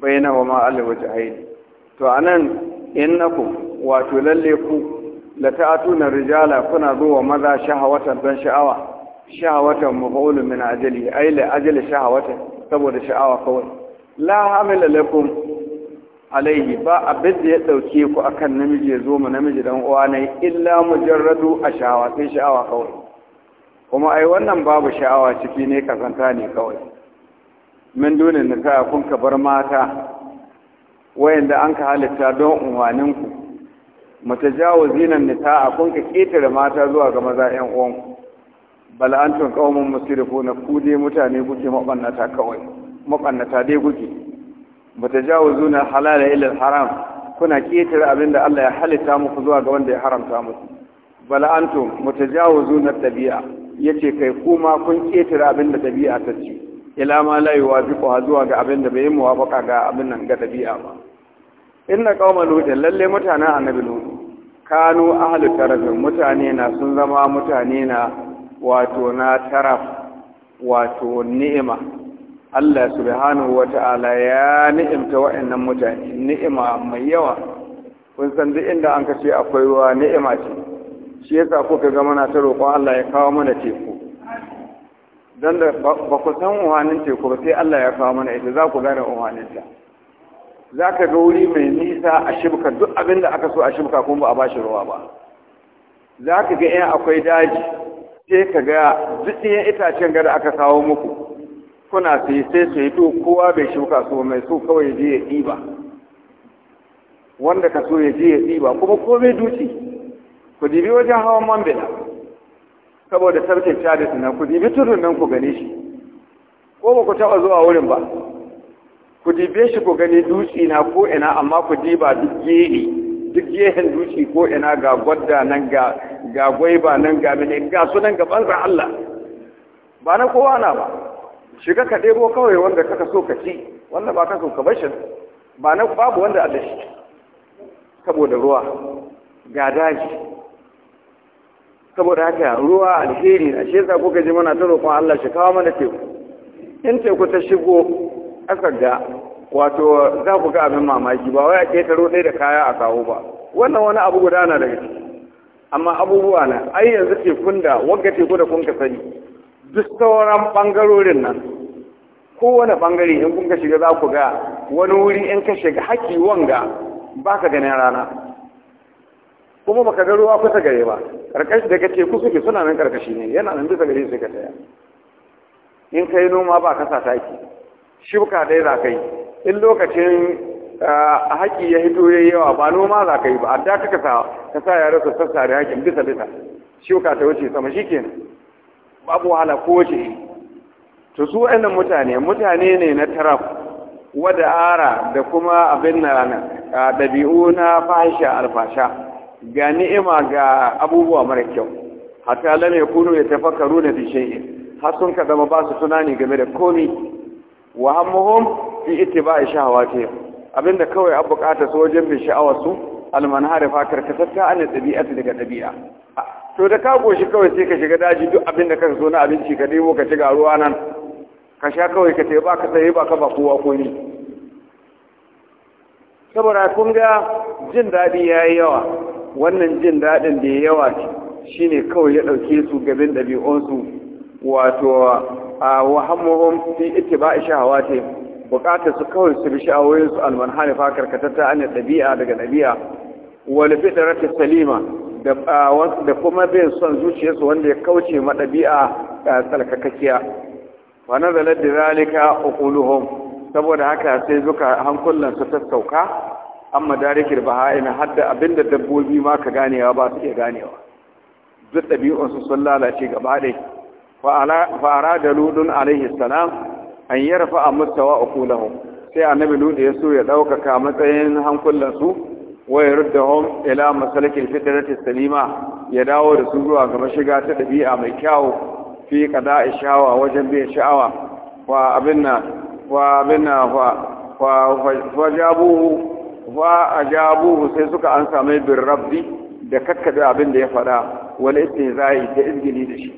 Baina wa ma ma'al wajhaini to anan innakum wato lalle ku la ta'atuna rijala kuna wa maza shahawatan dan sha'awa shahawatan mafa'ul min ajali ai la ajali shahawatan saboda sha'awa kawai la hamila lakum alaihi ba abin da ya dauke ku akan namiji ya zo mu namiji dan uwa ne illa mujarradu ashawa sai sha'awa kawai kuma ai wannan babu sha'awa ciki ne kasanta ne kawai min dunin nisa kun ka bar mata wayanda an ka halitta don unwaninku mutajawazinan nisa kun ka ƙetare mata zuwa ga maza ƴan uwanku bal antum qaumun na ku dai mutane kuke mabannata kawai mabannata dai kuke mutajawizuna halala ila haram kuna ketare abinda Allah ya halitta muku zuwa ga wanda ya haramta muku bal antum mutajawizuna tabi'a yace kai kuma kun ketare abinda tabi'a ta ce ila ma la yuwafiqu ha zuwa ga abin da bai muwafaka ga abin nan ga dabi'a ba inna qauma lut lalle mutanen annabi lut kanu ahlu taraf mutane na sun zama mutane na wato na taraf wato ni'ima Allah subhanahu wata'ala ya ni'imta wa'annan mutane ni'ima mai yawa kun san duk inda an kace akwai ruwa ni'ima ce shi yasa kuka ga mana ta roƙo Allah ya kawo mana teku don da ba ku san umarnin teku ba sai Allah ya kawo mana ita za ku gane ta za ka ga wuri mai nisa a shibka duk abin da aka so a shibka kuma ba a bashi ruwa ba za ka ga 'yan akwai daji sai ka ga duk ɗayan itacen gada aka kawo muku kuna sai sai su yi kowa bai shuka so mai so kawai je ya ɗiba wanda ka so ya je ya ɗiba kuma komai duci ku dibi wajen hawan man bela saboda sarkin chadis suna, ku dibi turun nan ku gane shi ko ba ku taɓa zuwa wurin ba ku dibe shi ku gani dutse na ko ina amma ku diba duk gehe duk gehen dutse ko ina ga gwadda nan ga ga gwaiba nan ga mene ga su nan gaban ran Allah ba na kowa na ba shiga ka debo kawai wanda kaka so ka ci wanda ba ka so ka bashin ba na babu wanda Allah shi saboda ruwa ga daji saboda haka ruwa alheri a shi yasa kuka ji muna ta roƙon Allah shi kawo mana teku in teku ta shigo aka ga wato za ku ga abin mamaki ba wai a ketaro ɗaya da kaya a kawo ba wannan wani abu guda na daga ciki amma abubuwa na ai yanzu tekun da wagga teku da kun ka sani duk sauran bangarorin nan kowane bangare in kun ka shiga za ku ga wani wuri in ka shiga haƙi wanga ba ka ganin rana kuma baka ga ruwa kusa gare ba karkashi daga kusa ke suna nan karkashi ne yana nan bisa gare sai ka saya in ka yi noma ba sa taki shuka dai za ka yi in lokacin haƙi ya hito ya yi yawa ba noma za ka yi ba adda ka kasa ka sa yare su sassa da haƙin bisa bisa shuka ta wuce sama shi kenan babu wahala ko wuce. to su wa'annan mutane mutane ne na taraf wada'ara da kuma abin na ɗabi'u na fasha alfasha ga ni'ima ga abubuwa mara kyau hatta lam yakunu yatafakkaruna fi shay'in har sun ka zama ba su tunani game da komi wa hammuhum fi ittiba'i shahawati abinda kawai an bukata su wajen bin sha'awarsu, su almanhari fa karkatatta an tabi'ati daga tabi'a to da ka goshi kawai sai ka shiga daji duk abinda ka so na abinci ka debo ka shiga ruwa nan ka sha kawai ka ba ka tayi ba ka ba kowa ko ni saboda kun ga jin daɗi yayi yawa wannan jin daɗin da ya yawa shi ne kawai ya ɗauke su gabin ɗabi'unsu wato a wahammuhum fi hawa ce. bukatar su kawai su bi sha'awoyin su karkatar karkatatta an ɗabi'a daga ɗabi'a wal fitratu salima da kuma bin son zuciyarsu wanda ya kauce ma ɗabi'a tsalkakakkiya wa nazala dalika uquluhum saboda haka sai zuka hankulan su ta sauka an madarikir baha'ina hadda abinda dabbobi ma ka ganewa ba su iya ganewa duk ɗabi'unsu sun lalace gaba dai fara da ludun alaihi salam an yi rafa a mustawa a kulahun sai annabi ludu ya so ya ɗaukaka matsayin hankulansu waya rudda hom ila masalakin fitarati salima ya dawo da su zuwa ga mashiga ta ɗabi'a mai kyawu fi kada shawa wajen biyan sha'awa wa abin na wa abin na wa wa jabu wa ajabuhu sai suka ansa mai bin rabbi da kakkabe abin da ya faɗa wal istihza'i ta izgili da shi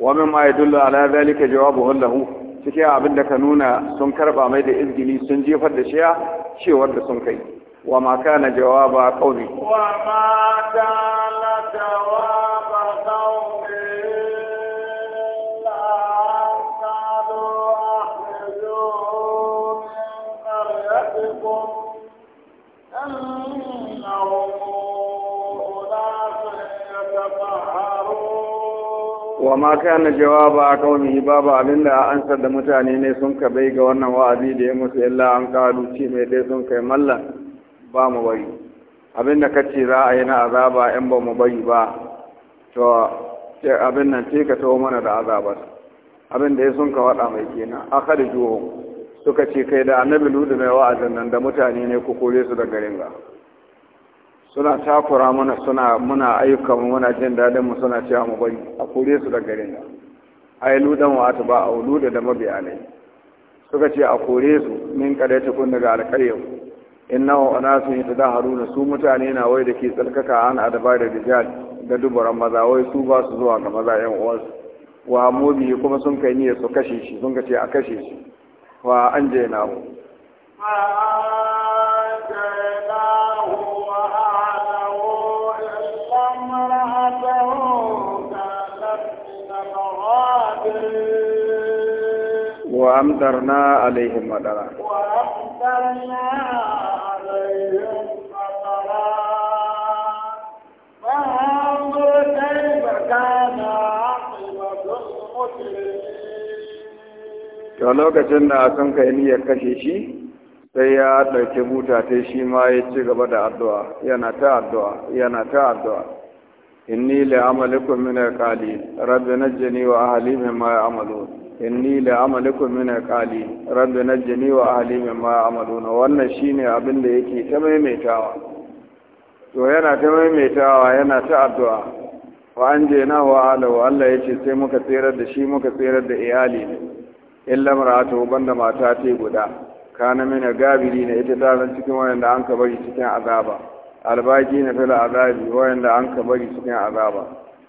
wa mimma yadullu ala zalika jawabu lahu cikin abin da ka nuna sun karba mai da izgili sun jefar da shi cewar da sun kai wa ma kana jawaba qauli wa ma kana jawaba wa ma kana jawaba a kaunihi babu abin da an da mutane ne sun ka bai ga wannan wa'azi da ya musu illa an kalu ci mai dai sun kai mallan ba mu bari abinda da kace za a yi na azaba in ba mu bari ba to abin nan ce ka tawo mana da azabar abinda ya sun ka wada mai kenan akhriju suka ce kai da annabi ludu mai wa'azin nan da mutane ne ku kore su da garin ga suna takura mana suna muna ayyuka muna jin daɗin mu suna cewa mu bari a kore su da garin ga ai ludan wa ba a wudu da mabiya ne suka ce a kore su min kada ta kun daga alƙaryar inna wa anasu yi da haruna su mutane na wai da ke tsarkaka an adaba da rijal da duburan maza wai su ba su zuwa ga maza yan uwansu wa mobi kuma sun kai niyyar su kashe shi sun ka ce a kashe shi wa an je na mu وأمطرنا عليهم مدرا وأمطرنا to lokacin da sun kai niyyar kashe shi sai ya ɗauki buta ta shi ma ya ci gaba da addu'a yana ta addu'a yana ta addu'a inni la amalikum min alqali rabbi jini wa ahli mimma ya'malun inni la amalikum min alqali rabbi jini wa ahli mimma ya'malun wannan shine abin da yake ta maimaitawa to yana ta maimaitawa yana ta addu'a wa na wa ahlihi Allah yace sai muka tsere da shi muka tsere da iyali ne illa mar'atu banda mata ta guda kana mina gabiri na ita ta cikin wanda an ka bari cikin azaba albaki na fil azabi wanda an ka bari cikin azaba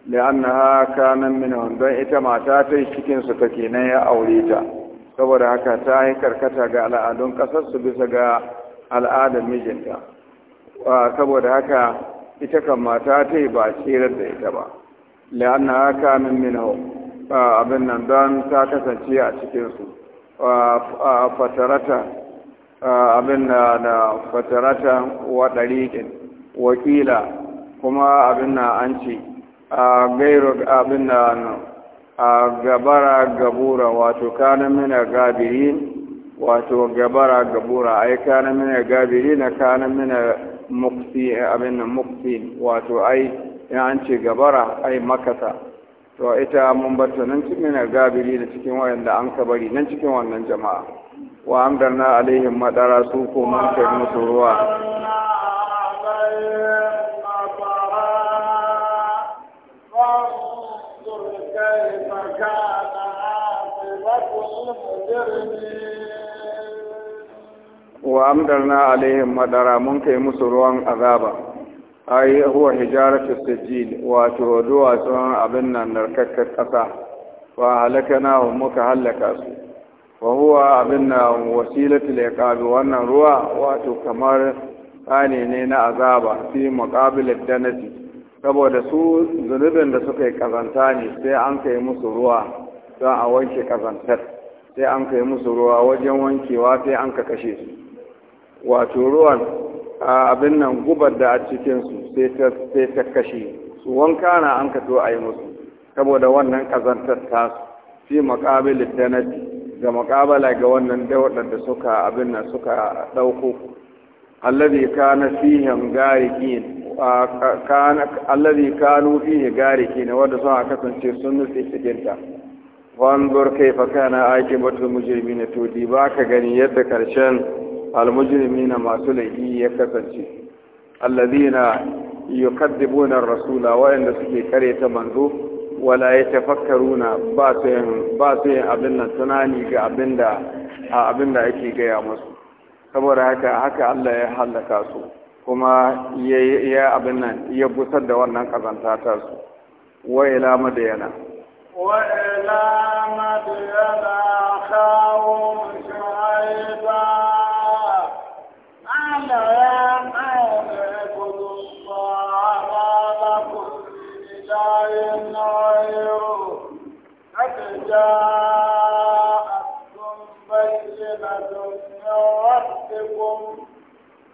li'annaha kana min don ita mata ta cikin su take nan ya aure ta saboda haka ta yi karkata ga al'adun kasar su bisa ga al'adar mijinta saboda haka ita kan mata ta yi ba tsirar da ita ba li'annaha kana min abin nan don ta kasance a cikinsu fatarata abin na fatarata wa ɗariƙin wakila kuma abin na an ce a gairu abin na a gabara gabura wato kanan mina gabirin wato gabara gabura ai kanan mina gabirin na kanan mina mukti abin na mukti wato ai in an ce gabara ai makasa to ita mun bar ta nan cikin gabiri da cikin wayanda an ka bari nan cikin wannan jama'a wa amdarna alaihim madara su ko mun kai musu ruwa wa amdarna alaihim madara mun kai musu ruwan azaba ai huwa hijaratu sijil wato duwatsun abin nan narkakkar ƙasa wa halakana wa muka halaka su wa huwa abin nan wasilatu liqabi wannan ruwa wato kamar tsane ne na azaba fi muqabilat danati saboda su zunubin da suka kazanta ne sai an kai musu ruwa don a wanke kazantar sai an kai musu ruwa wajen wankewa sai an ka kashe su wato ruwan abin nan gubar da a cikinsu sai ta kashe su wanka na an to a yi musu saboda wannan ta su fi makabilin danadi ga makabala ga wannan daular da suka abin nan suka ɗauko allazi kana fihim garikin allazi kanu fihi garikin wanda suka kasance sun nufi cikinta wanzur kaifa kana aqibatu mujrimina to di ba ka gani yadda karshen almujrimi na masu laifi ya kasance allazina na rasula wayanda suke kare ta manzo wala ya tafakkaru na ba su yin abin nan tunani ga abin da ake gaya masu saboda haka haka Allah ya halaka su kuma ya abin nan ya busar da wannan kazanta ta su wa ila madayana wa ila madayana khawum na ha ya ahere ọ bụ aaalakụụiri n'ahịa naha adịaaọbajire adao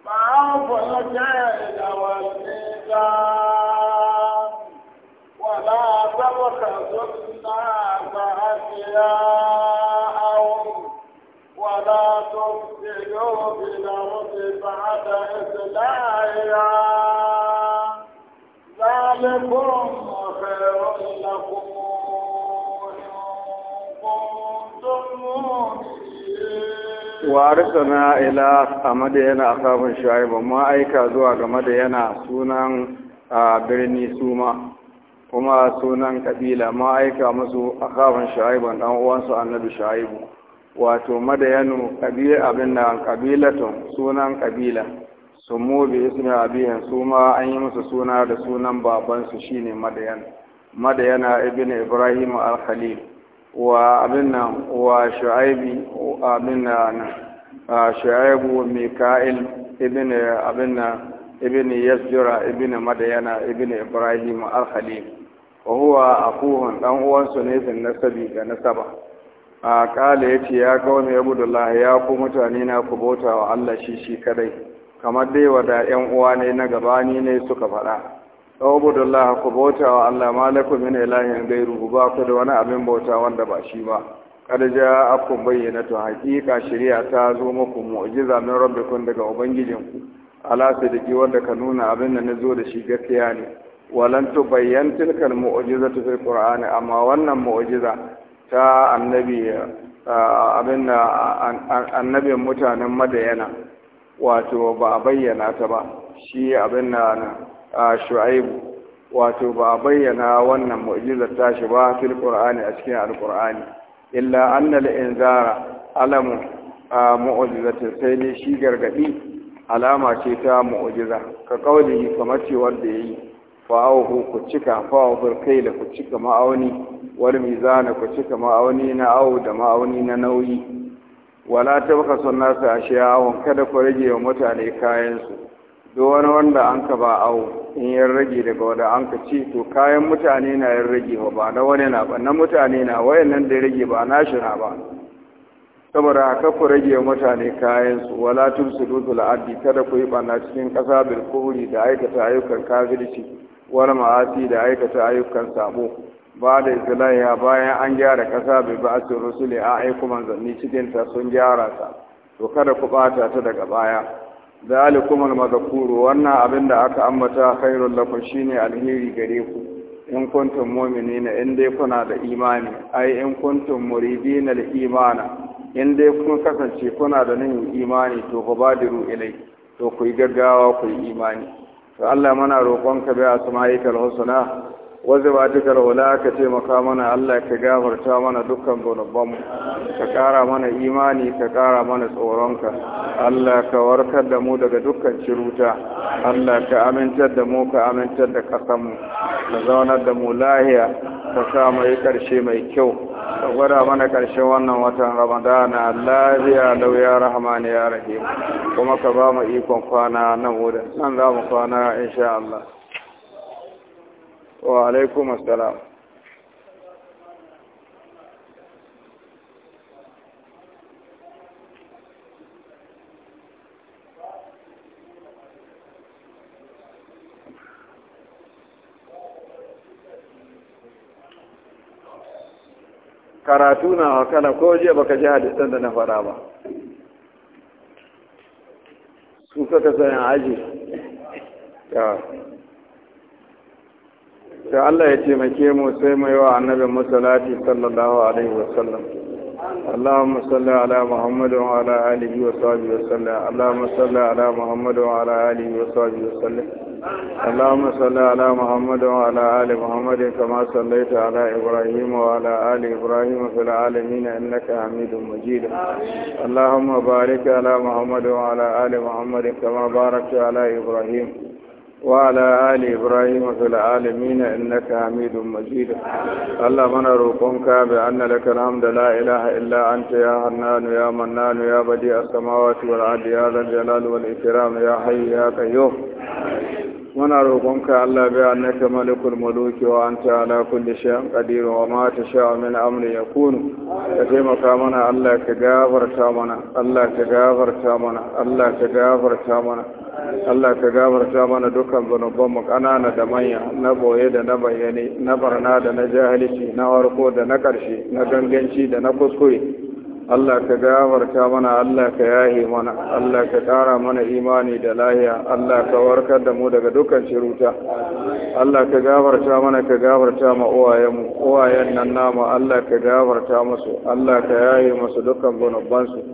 maa bụatehere na wadeaaaaụkaounaha a a dịraahụhụ ولا تفسدوا في الأرض بعد إصلاحها ذلكم خير لكم warisana ila a madayana a kafin shu'aibu ma aika zuwa ga madayana sunan a birni suma kuma sunan kabila ma aika musu a kafin shu'aibu dan uwansu annabi shu'aibu wato madayanu kabila abin da kabilatun sunan kabila su mu bi ismi abihin su ma an yi musu suna da sunan babansu shine madayan madayana ibn ibrahim al-khalil wa abin nan wa shu'aibi abin nan shu'aibu mika'il ibn abin nan ibn yasjura ibn madayana ibn ibrahim al-khalil wa huwa akuhun dan uwansu ne sun nasabi ga nasaba a kala ya ce ya kawo ya budu ya ku mutane na ku bauta wa Allah shi shi kadai kamar dai wada yan uwa ne na gabani ne suka faɗa ya budu ku bauta wa Allah malakum min ilahin gairu ba ku da wani abin bauta wanda ba shi ba kad ja akum to haqiqa shari'a ta zo muku mu'jiza min rabbikum daga ubangijinku ala sadiki wanda ka nuna abin da nazo da shi gaskiya ne walan tubayyan tilkal mu'jizatu fil qur'ani amma wannan mu'jiza ta annabi abin annabin mutanen madayana wato ba a bayyana ta ba shi abin na shu'aibu wato ba a bayyana wannan mu'jizar tashi ba fil qur'ani a cikin alqur'ani illa annal inzara alamu mu'jizatin sai ne shi gargadi alama ce ta mu'jiza ka kauli kamar cewar da yayi fa'ahu ku cika fa'ahu kai da ku cika ma'auni wal mizana ku cika ma'auni na awo da ma'auni na nauyi wala ta baka tabkasu nasu awon kada ku rage wa mutane kayansu duk wani wanda an ka ba awo in yan rage daga wanda an ka ci to kayan mutane na yan rage ba ba na wani na ba na mutane na wayannan da rage ba na shi na ba saboda haka ku rage wa mutane kayan su wala su dutu la'addi kada ku yi bana cikin ƙasa bil da aikata ayyukan kafirci wal ma'asi da aikata ayyukan sabo ba da islahiya bayan an gyara kasa bai ba su rusuli a aiku manzanni cikinta sun gyara ta to kada ku bata ta daga baya zalikum almadhkuru wannan abin da aka ambata khairul lakum shine alheri gare ku in kuntum mu'minina in dai kuna da imani ai in kuntum muridina al-imana in dai kun kasance kuna da nan imani to ku badiru ilai to ku yi gaggawa ku yi imani to Allah muna roƙonka bi asma'ikal husna wanzu ba duka raula ka taimaka mana Allah ka gafarta mana dukkan zunubanmu ka ƙara mana imani ka ƙara mana tsoronka Allah ka warkar da mu daga dukkan ciruta Allah ka amintar da mu ka amintar da ƙasanmu ka zaunar da mu lahiya ka sa mai ƙarshe mai kyau ka gwada mana ƙarshen wannan watan ramadana lahiya lau ya rahmani ya rahim kuma ka ba mu ikon kwana nan wurin nan za mu kwana insha Allah wa alaikum karatu na wakana ko je baka ji hadisan da na fara ba su kaka sayan aji sai Allah ya taimake mu sai mu yi wa annabin masalati sallallahu alaihi wasallam Allahumma salli ala Muhammad wa ala alihi wa sahbihi wa sallam Allahumma salli ala Muhammad wa ala alihi wa sahbihi wa sallam Allahumma salli ala Muhammad ala ali Muhammad kama sallaita ala Ibrahim Ibrahim fil alamin innaka Hamidum Majid Allahumma barik ala Muhammad wa ala kama barakta ala وعلى آل إبراهيم في العالمين إنك حميد مجيد اللهم نروقك بأن لك الحمد لا إله إلا أنت يا حنان يا منان يا بديع السماوات والعدي يا ذا الجلال والإكرام يا حي يا قيوم muna roƙonka Allah bai annaka malikul muluki wa anta ala kulli shay'in qadir wa ma tasha'u min amri yakunu ka taimaka mana Allah ka gafarta mana Allah ka gafarta mana Allah ka gafarta mana Allah ka gafarta mana dukkan zanubban mu kanana da manya na boye da na bayyane na barna da na jahilci na warko da na karshe na ganganci da na kuskure Allah ka gafarta mana Allah ka yahe mana Allah ka ƙara mana imani da lahiya Allah ka warkar da mu daga dukkan shiruta Allah ka gafarta mana ka gafarta ma uwayenmu uwayen nan namu Allah ka gafarta musu Allah ka yahe musu dukkan gunubbansu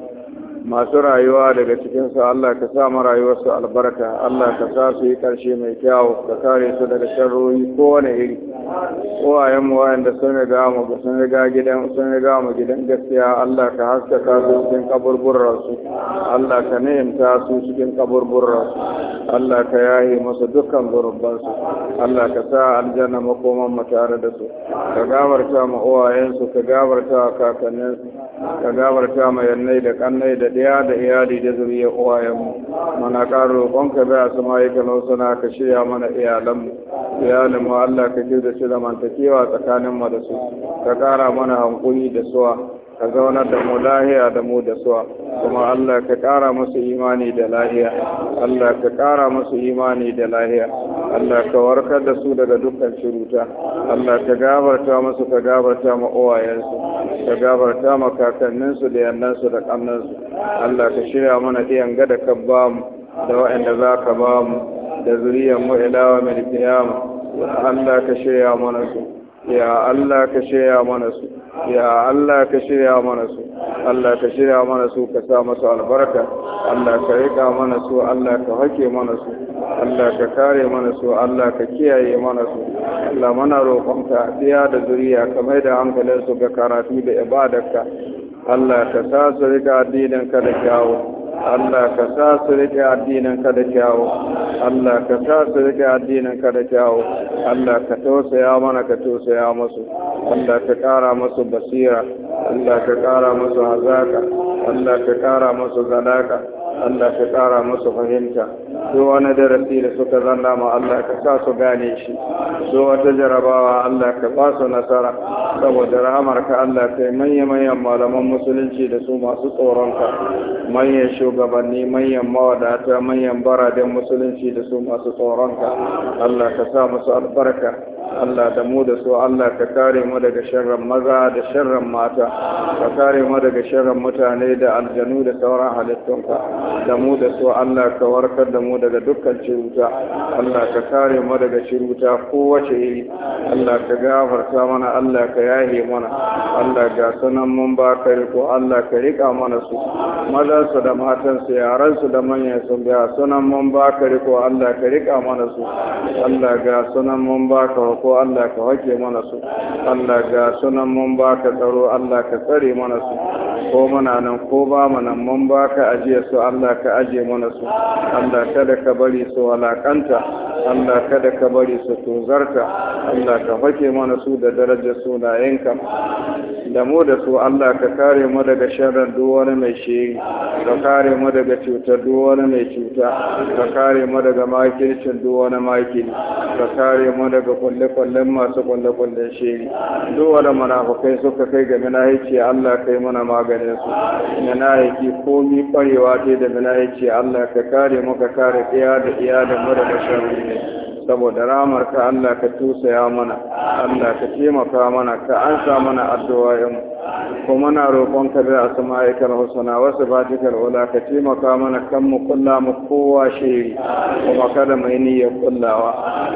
masu rayuwa daga cikinsu Allah ka sa mu rayuwarsu albarka Allah ka sa su yi ƙarshe mai kyawu ka kare su daga sharroyi kowane iri Wayan wayan wayanda sun riga mu sun riga gidan sun riga mu gidan gaskiya Allah ka haskaka su cikin kaburburar su Allah ka ni'imta su cikin kaburburar su Allah ka yahi musu dukkan zurubban su Allah ka sa aljanna makoman mu tare da su ka gabarta mu uwayen su ka gabarta kakannin su ka gabarta mu yannai da kannai da ɗaya da iyali da zuriya uwayen mu mana karo ka da su ma'aikatan suna ka shirya mana iyalan mu iyalan mu Allah ka ji kyautata zamantakewa tsakanin mu su ka ƙara mana hankuri da suwa ka zaunar da mu lahiya da mu da suwa kuma Allah ka ƙara musu imani da lahiya Allah ka ƙara musu imani da lahiya Allah ka warkar da su daga dukkan shiruta Allah ka gabarta musu ka gabarta ma ka gabarta ma kakanninsu da yannansu da ƙannansu Allah ka shirya mana iyan gada ka ba mu da waɗanda za ka ba mu da zuriyar mu ilawa mai Allah ka shirya mana su ya Allah ka shirya mana su ya Allah ka shirya mana su Allah ka shirya mana su ka sa masu albarka Allah ka rika mana su Allah ka hake mana su Allah ka kare mana su Allah ka kiyaye mana su Allah mana roƙonka tsiya da zuriya ka mai da hankalin su ga karatu da ibadarka Allah ka sa su rika addinin ka da kyawu Allah ka sa su rike addinin ka da kyawu Allah ka sa su rike addinin ka da kyawu Allah ka tausaya mana ka tausaya musu Allah ka kara musu basira Allah ka kara musu hazaka Allah ka kara musu zalaka Allah ka kara musu fahimta duk wani darasi da suka zanna ma Allah ka sa su gane shi duk wata jarabawa Allah ka ba su nasara saboda rahamarka Allah ka yi manya-manyan malaman musulunci da su masu tsoronka manyan shugabanni manyan mawadata manyan baraden musulunci da su masu tsoronka Allah ka sa musu albarka Allah da mu da su Allah ka kare mu daga sharran maza da sharran mata ka kare mu daga sharran mutane da aljanu da sauran halittunka da mu da su Allah ka warkar da mu mu daga dukkan ciruta Allah ka kare mu daga ciruta wace iri Allah ka gafarta mana Allah ka yahe mana Allah ga sanan mun ba ka riko Allah ka rika mana su mazan su da matan su yaran su da manyan su ga sanan mun ba ka riko Allah ka rika mana su Allah ga sanan mun ba ka ko Allah ka wake mana su Allah ga sanan mun ba ka tsaro Allah ka tsare mana su ko muna nan ko ba mana nan mun ba ka ajiye su Allah ka aje mana su Allah kada ka bari su walakanta Allah kada ka bari su tozarta Allah ka fake mana su da darajar sunayenka da mu da su Allah ka kare mu daga sharrin duk wani mai shiri ka kare mu daga cutar duk wani mai cuta ka kare mu daga makircin duk wani makiri ka kare mu daga kulle-kullen masu kulle-kullen shiri duk wani munafukai suka kai ga minahaici Allah kai mana magana gare su munafiki komi farewa dai da munafiki Allah ka kare mu ka kare iya da iyalin mu da sharri ne saboda ramar ka Allah ka tusaya mana Allah ka taimaka mana ka ansa mana addu'a mu ko muna roƙon ka da asma'ikal husna wa sifatikal ula ka maka mana kan mu kulla mu kowa shiri kuma kada mai ya kullawa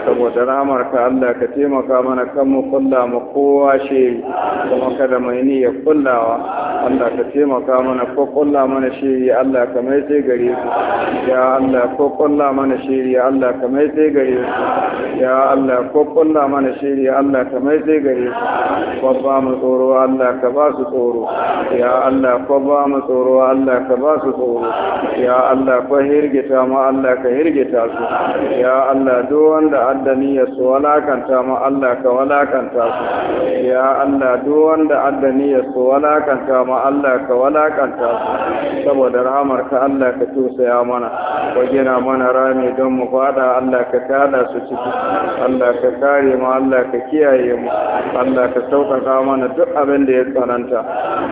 saboda rahmar ka Allah ka maka mana kan mu kulla mu kowa shiri kuma kada mai niyyar kullawa Allah ka maka mana ko kulla mana shiri Allah ka mai sai gare ku ya Allah ko kulla mana shiri Allah ka mai sai gare ku ya Allah ko kulla mana shiri Allah ka mai sai gare su babba mu tsoro Allah ka ba tsoro ya Allah fa ba mu tsoro Allah ka ba su tsoro ya Allah fa hirgita mu Allah ka hirgita su ya Allah duk wanda adda ya su walakanta mu Allah ka walakanta su ya Allah duk wanda adda ya su walakanta mu Allah ka walakanta su saboda rahamar ka Allah ka tusaya mana ka mana rami don mu fada Allah ka kada su ciki Allah ka kare mu Allah ka kiyaye mu Allah ka sauƙaƙa mana duk abin da ya tsananta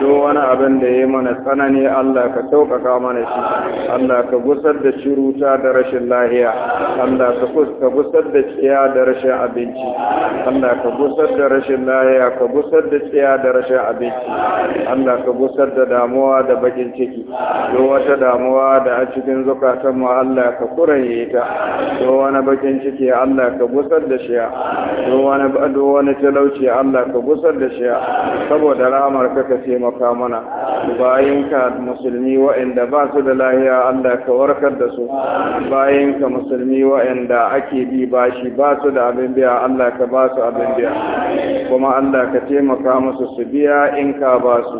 duk wani abin da ya mana tsanani Allah ka sauƙaƙa mana shi Allah ka gusar da shiruta da rashin lahiya Allah ka ka gusar da tsiya da rashin abinci Allah ka gusar da rashin lahiya ka gusar da tsiya da rashin abinci Allah ka gusar da damuwa da bakin ciki duk wata damuwa da a cikin zukatan mu Allah ka kuraye ta duk wani bakin ciki Allah ka gusar da shi duk wani duk wani talauci Allah ka gusar da shi saboda rahamar ka ka taimaka mana bayinka musulmi waɗanda ba su da lahiya Allah ka warkar da su ka musulmi waɗanda ake bi bashi ba su da abin biya Allah ka ba su abin biya kuma Allah ka taimaka musu su biya in ka ba su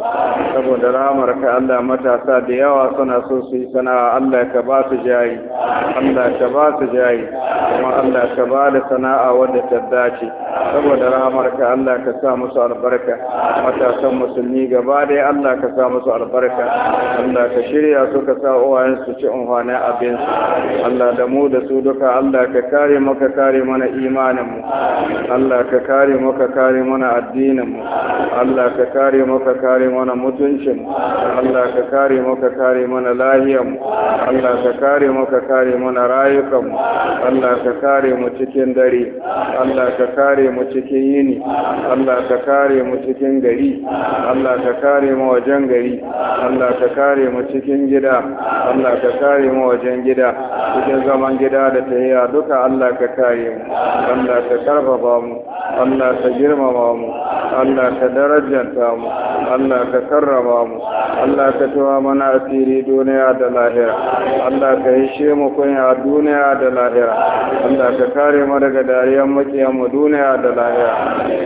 saboda rahamar ka Allah matasa da yawa suna so su yi sana'a Allah ka ba su jayi Allah ka ba su jayi kuma Allah ka ba da sana'a wadda ta dace saboda rahamar ka Allah ka sa musu albarka matasan al'umman musulmi gaba dai Allah ka sa musu albarka Allah ka shirya su ka sa uwayen su ci amfanin abin su Allah da mu da su duka Allah ka kare mu ka kare mana imanin mu Allah ka kare mu ka kare mana addinin mu Allah ka kare mu ka kare mana mutuncin mu Allah ka kare mu ka kare mana lahiyar mu Allah ka kare mu ka kare mana rayukan mu Allah ka kare mu cikin dare Allah ka kare mu cikin yini Allah ka kare mu cikin gari Allah ka kare mu wajen gari Allah ka kare mu cikin gida Allah ka kare mu wajen gida cikin zaman gida da tayya duka Allah ka kare mu Allah ka karfafa mu Allah ka girmama mu Allah ka darajanta mu Allah ka karrama mu Allah ka tuwa mana asiri duniya da lahira Allah ka hishe mu kunya duniya da lahira Allah ka kare mu daga dariyan makiyan mu duniya da lahira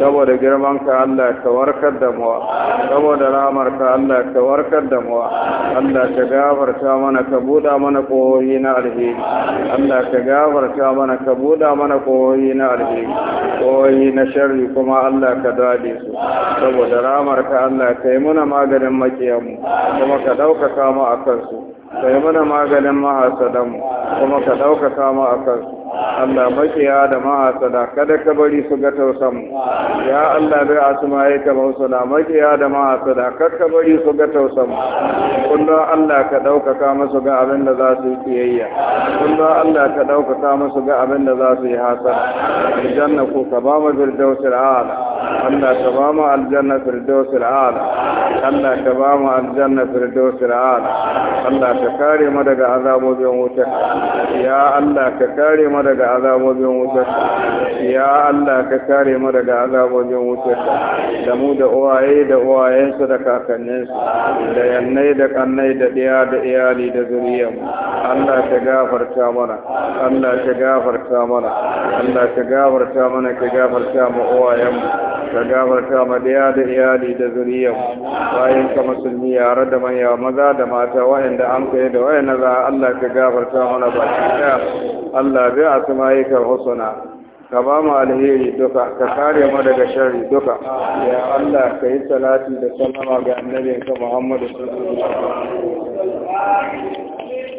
saboda girman ka Allah ka warkar da mu saboda rahamar ka Allah ka warkar da mu Allah ka gafarta mana ka buɗa mana ƙohoyi na alheri Allah ka gafarta mana ka buɗa mana ƙohoyi na alheri ƙohoyi na sharri kuma Allah ka dade su saboda rahamar ka Allah ka yi muna maganin makiyanmu kuma ka dauka mu akan su. ka yi mana maganin mahasadanmu kuma ka ɗaukaka mu a kan Allah makiya da mahasada kada ka bari su ga tausanmu ya Allah bai maye ka mausala makiya da mahasada kar ka bari su ga tausanmu kullum Allah ka ɗaukaka musu ga abin da za su yi kiyayya kullum Allah ka ɗaukaka musu ga abin da za su yi hasada aljanna ko ka ba mu firdausul a'la Allah ka ba mu aljanna firdausul a'la Allah ka ba mu aljanna firdausul a'la Allah ka ka kare mu daga azabobin wuta ya Allah ka kare mu daga azabobin wuta ya Allah ka kare mu daga azabobin wuta da mu da uwaye da uwayensu da kakanninsu da yannai da kannai da ɗiya da iyali da zuriyar Allah ka gafarta mana Allah ka gafarta mana Allah ka gafarta mana ka gafarta mu mu ka gafarta mu ɗiya da iyali da zuriyar bayan ka musulmi yare da manya maza da mata wa'anda an kai da wani ra Allah ka gafarta mana shi daya Allah yi kar husuna ka ba mu alheri duka ka kare mu daga sharri duka ya Allah ka yi salati da sallama ga annabinka Muhammadu sallallahu alaihi wasallam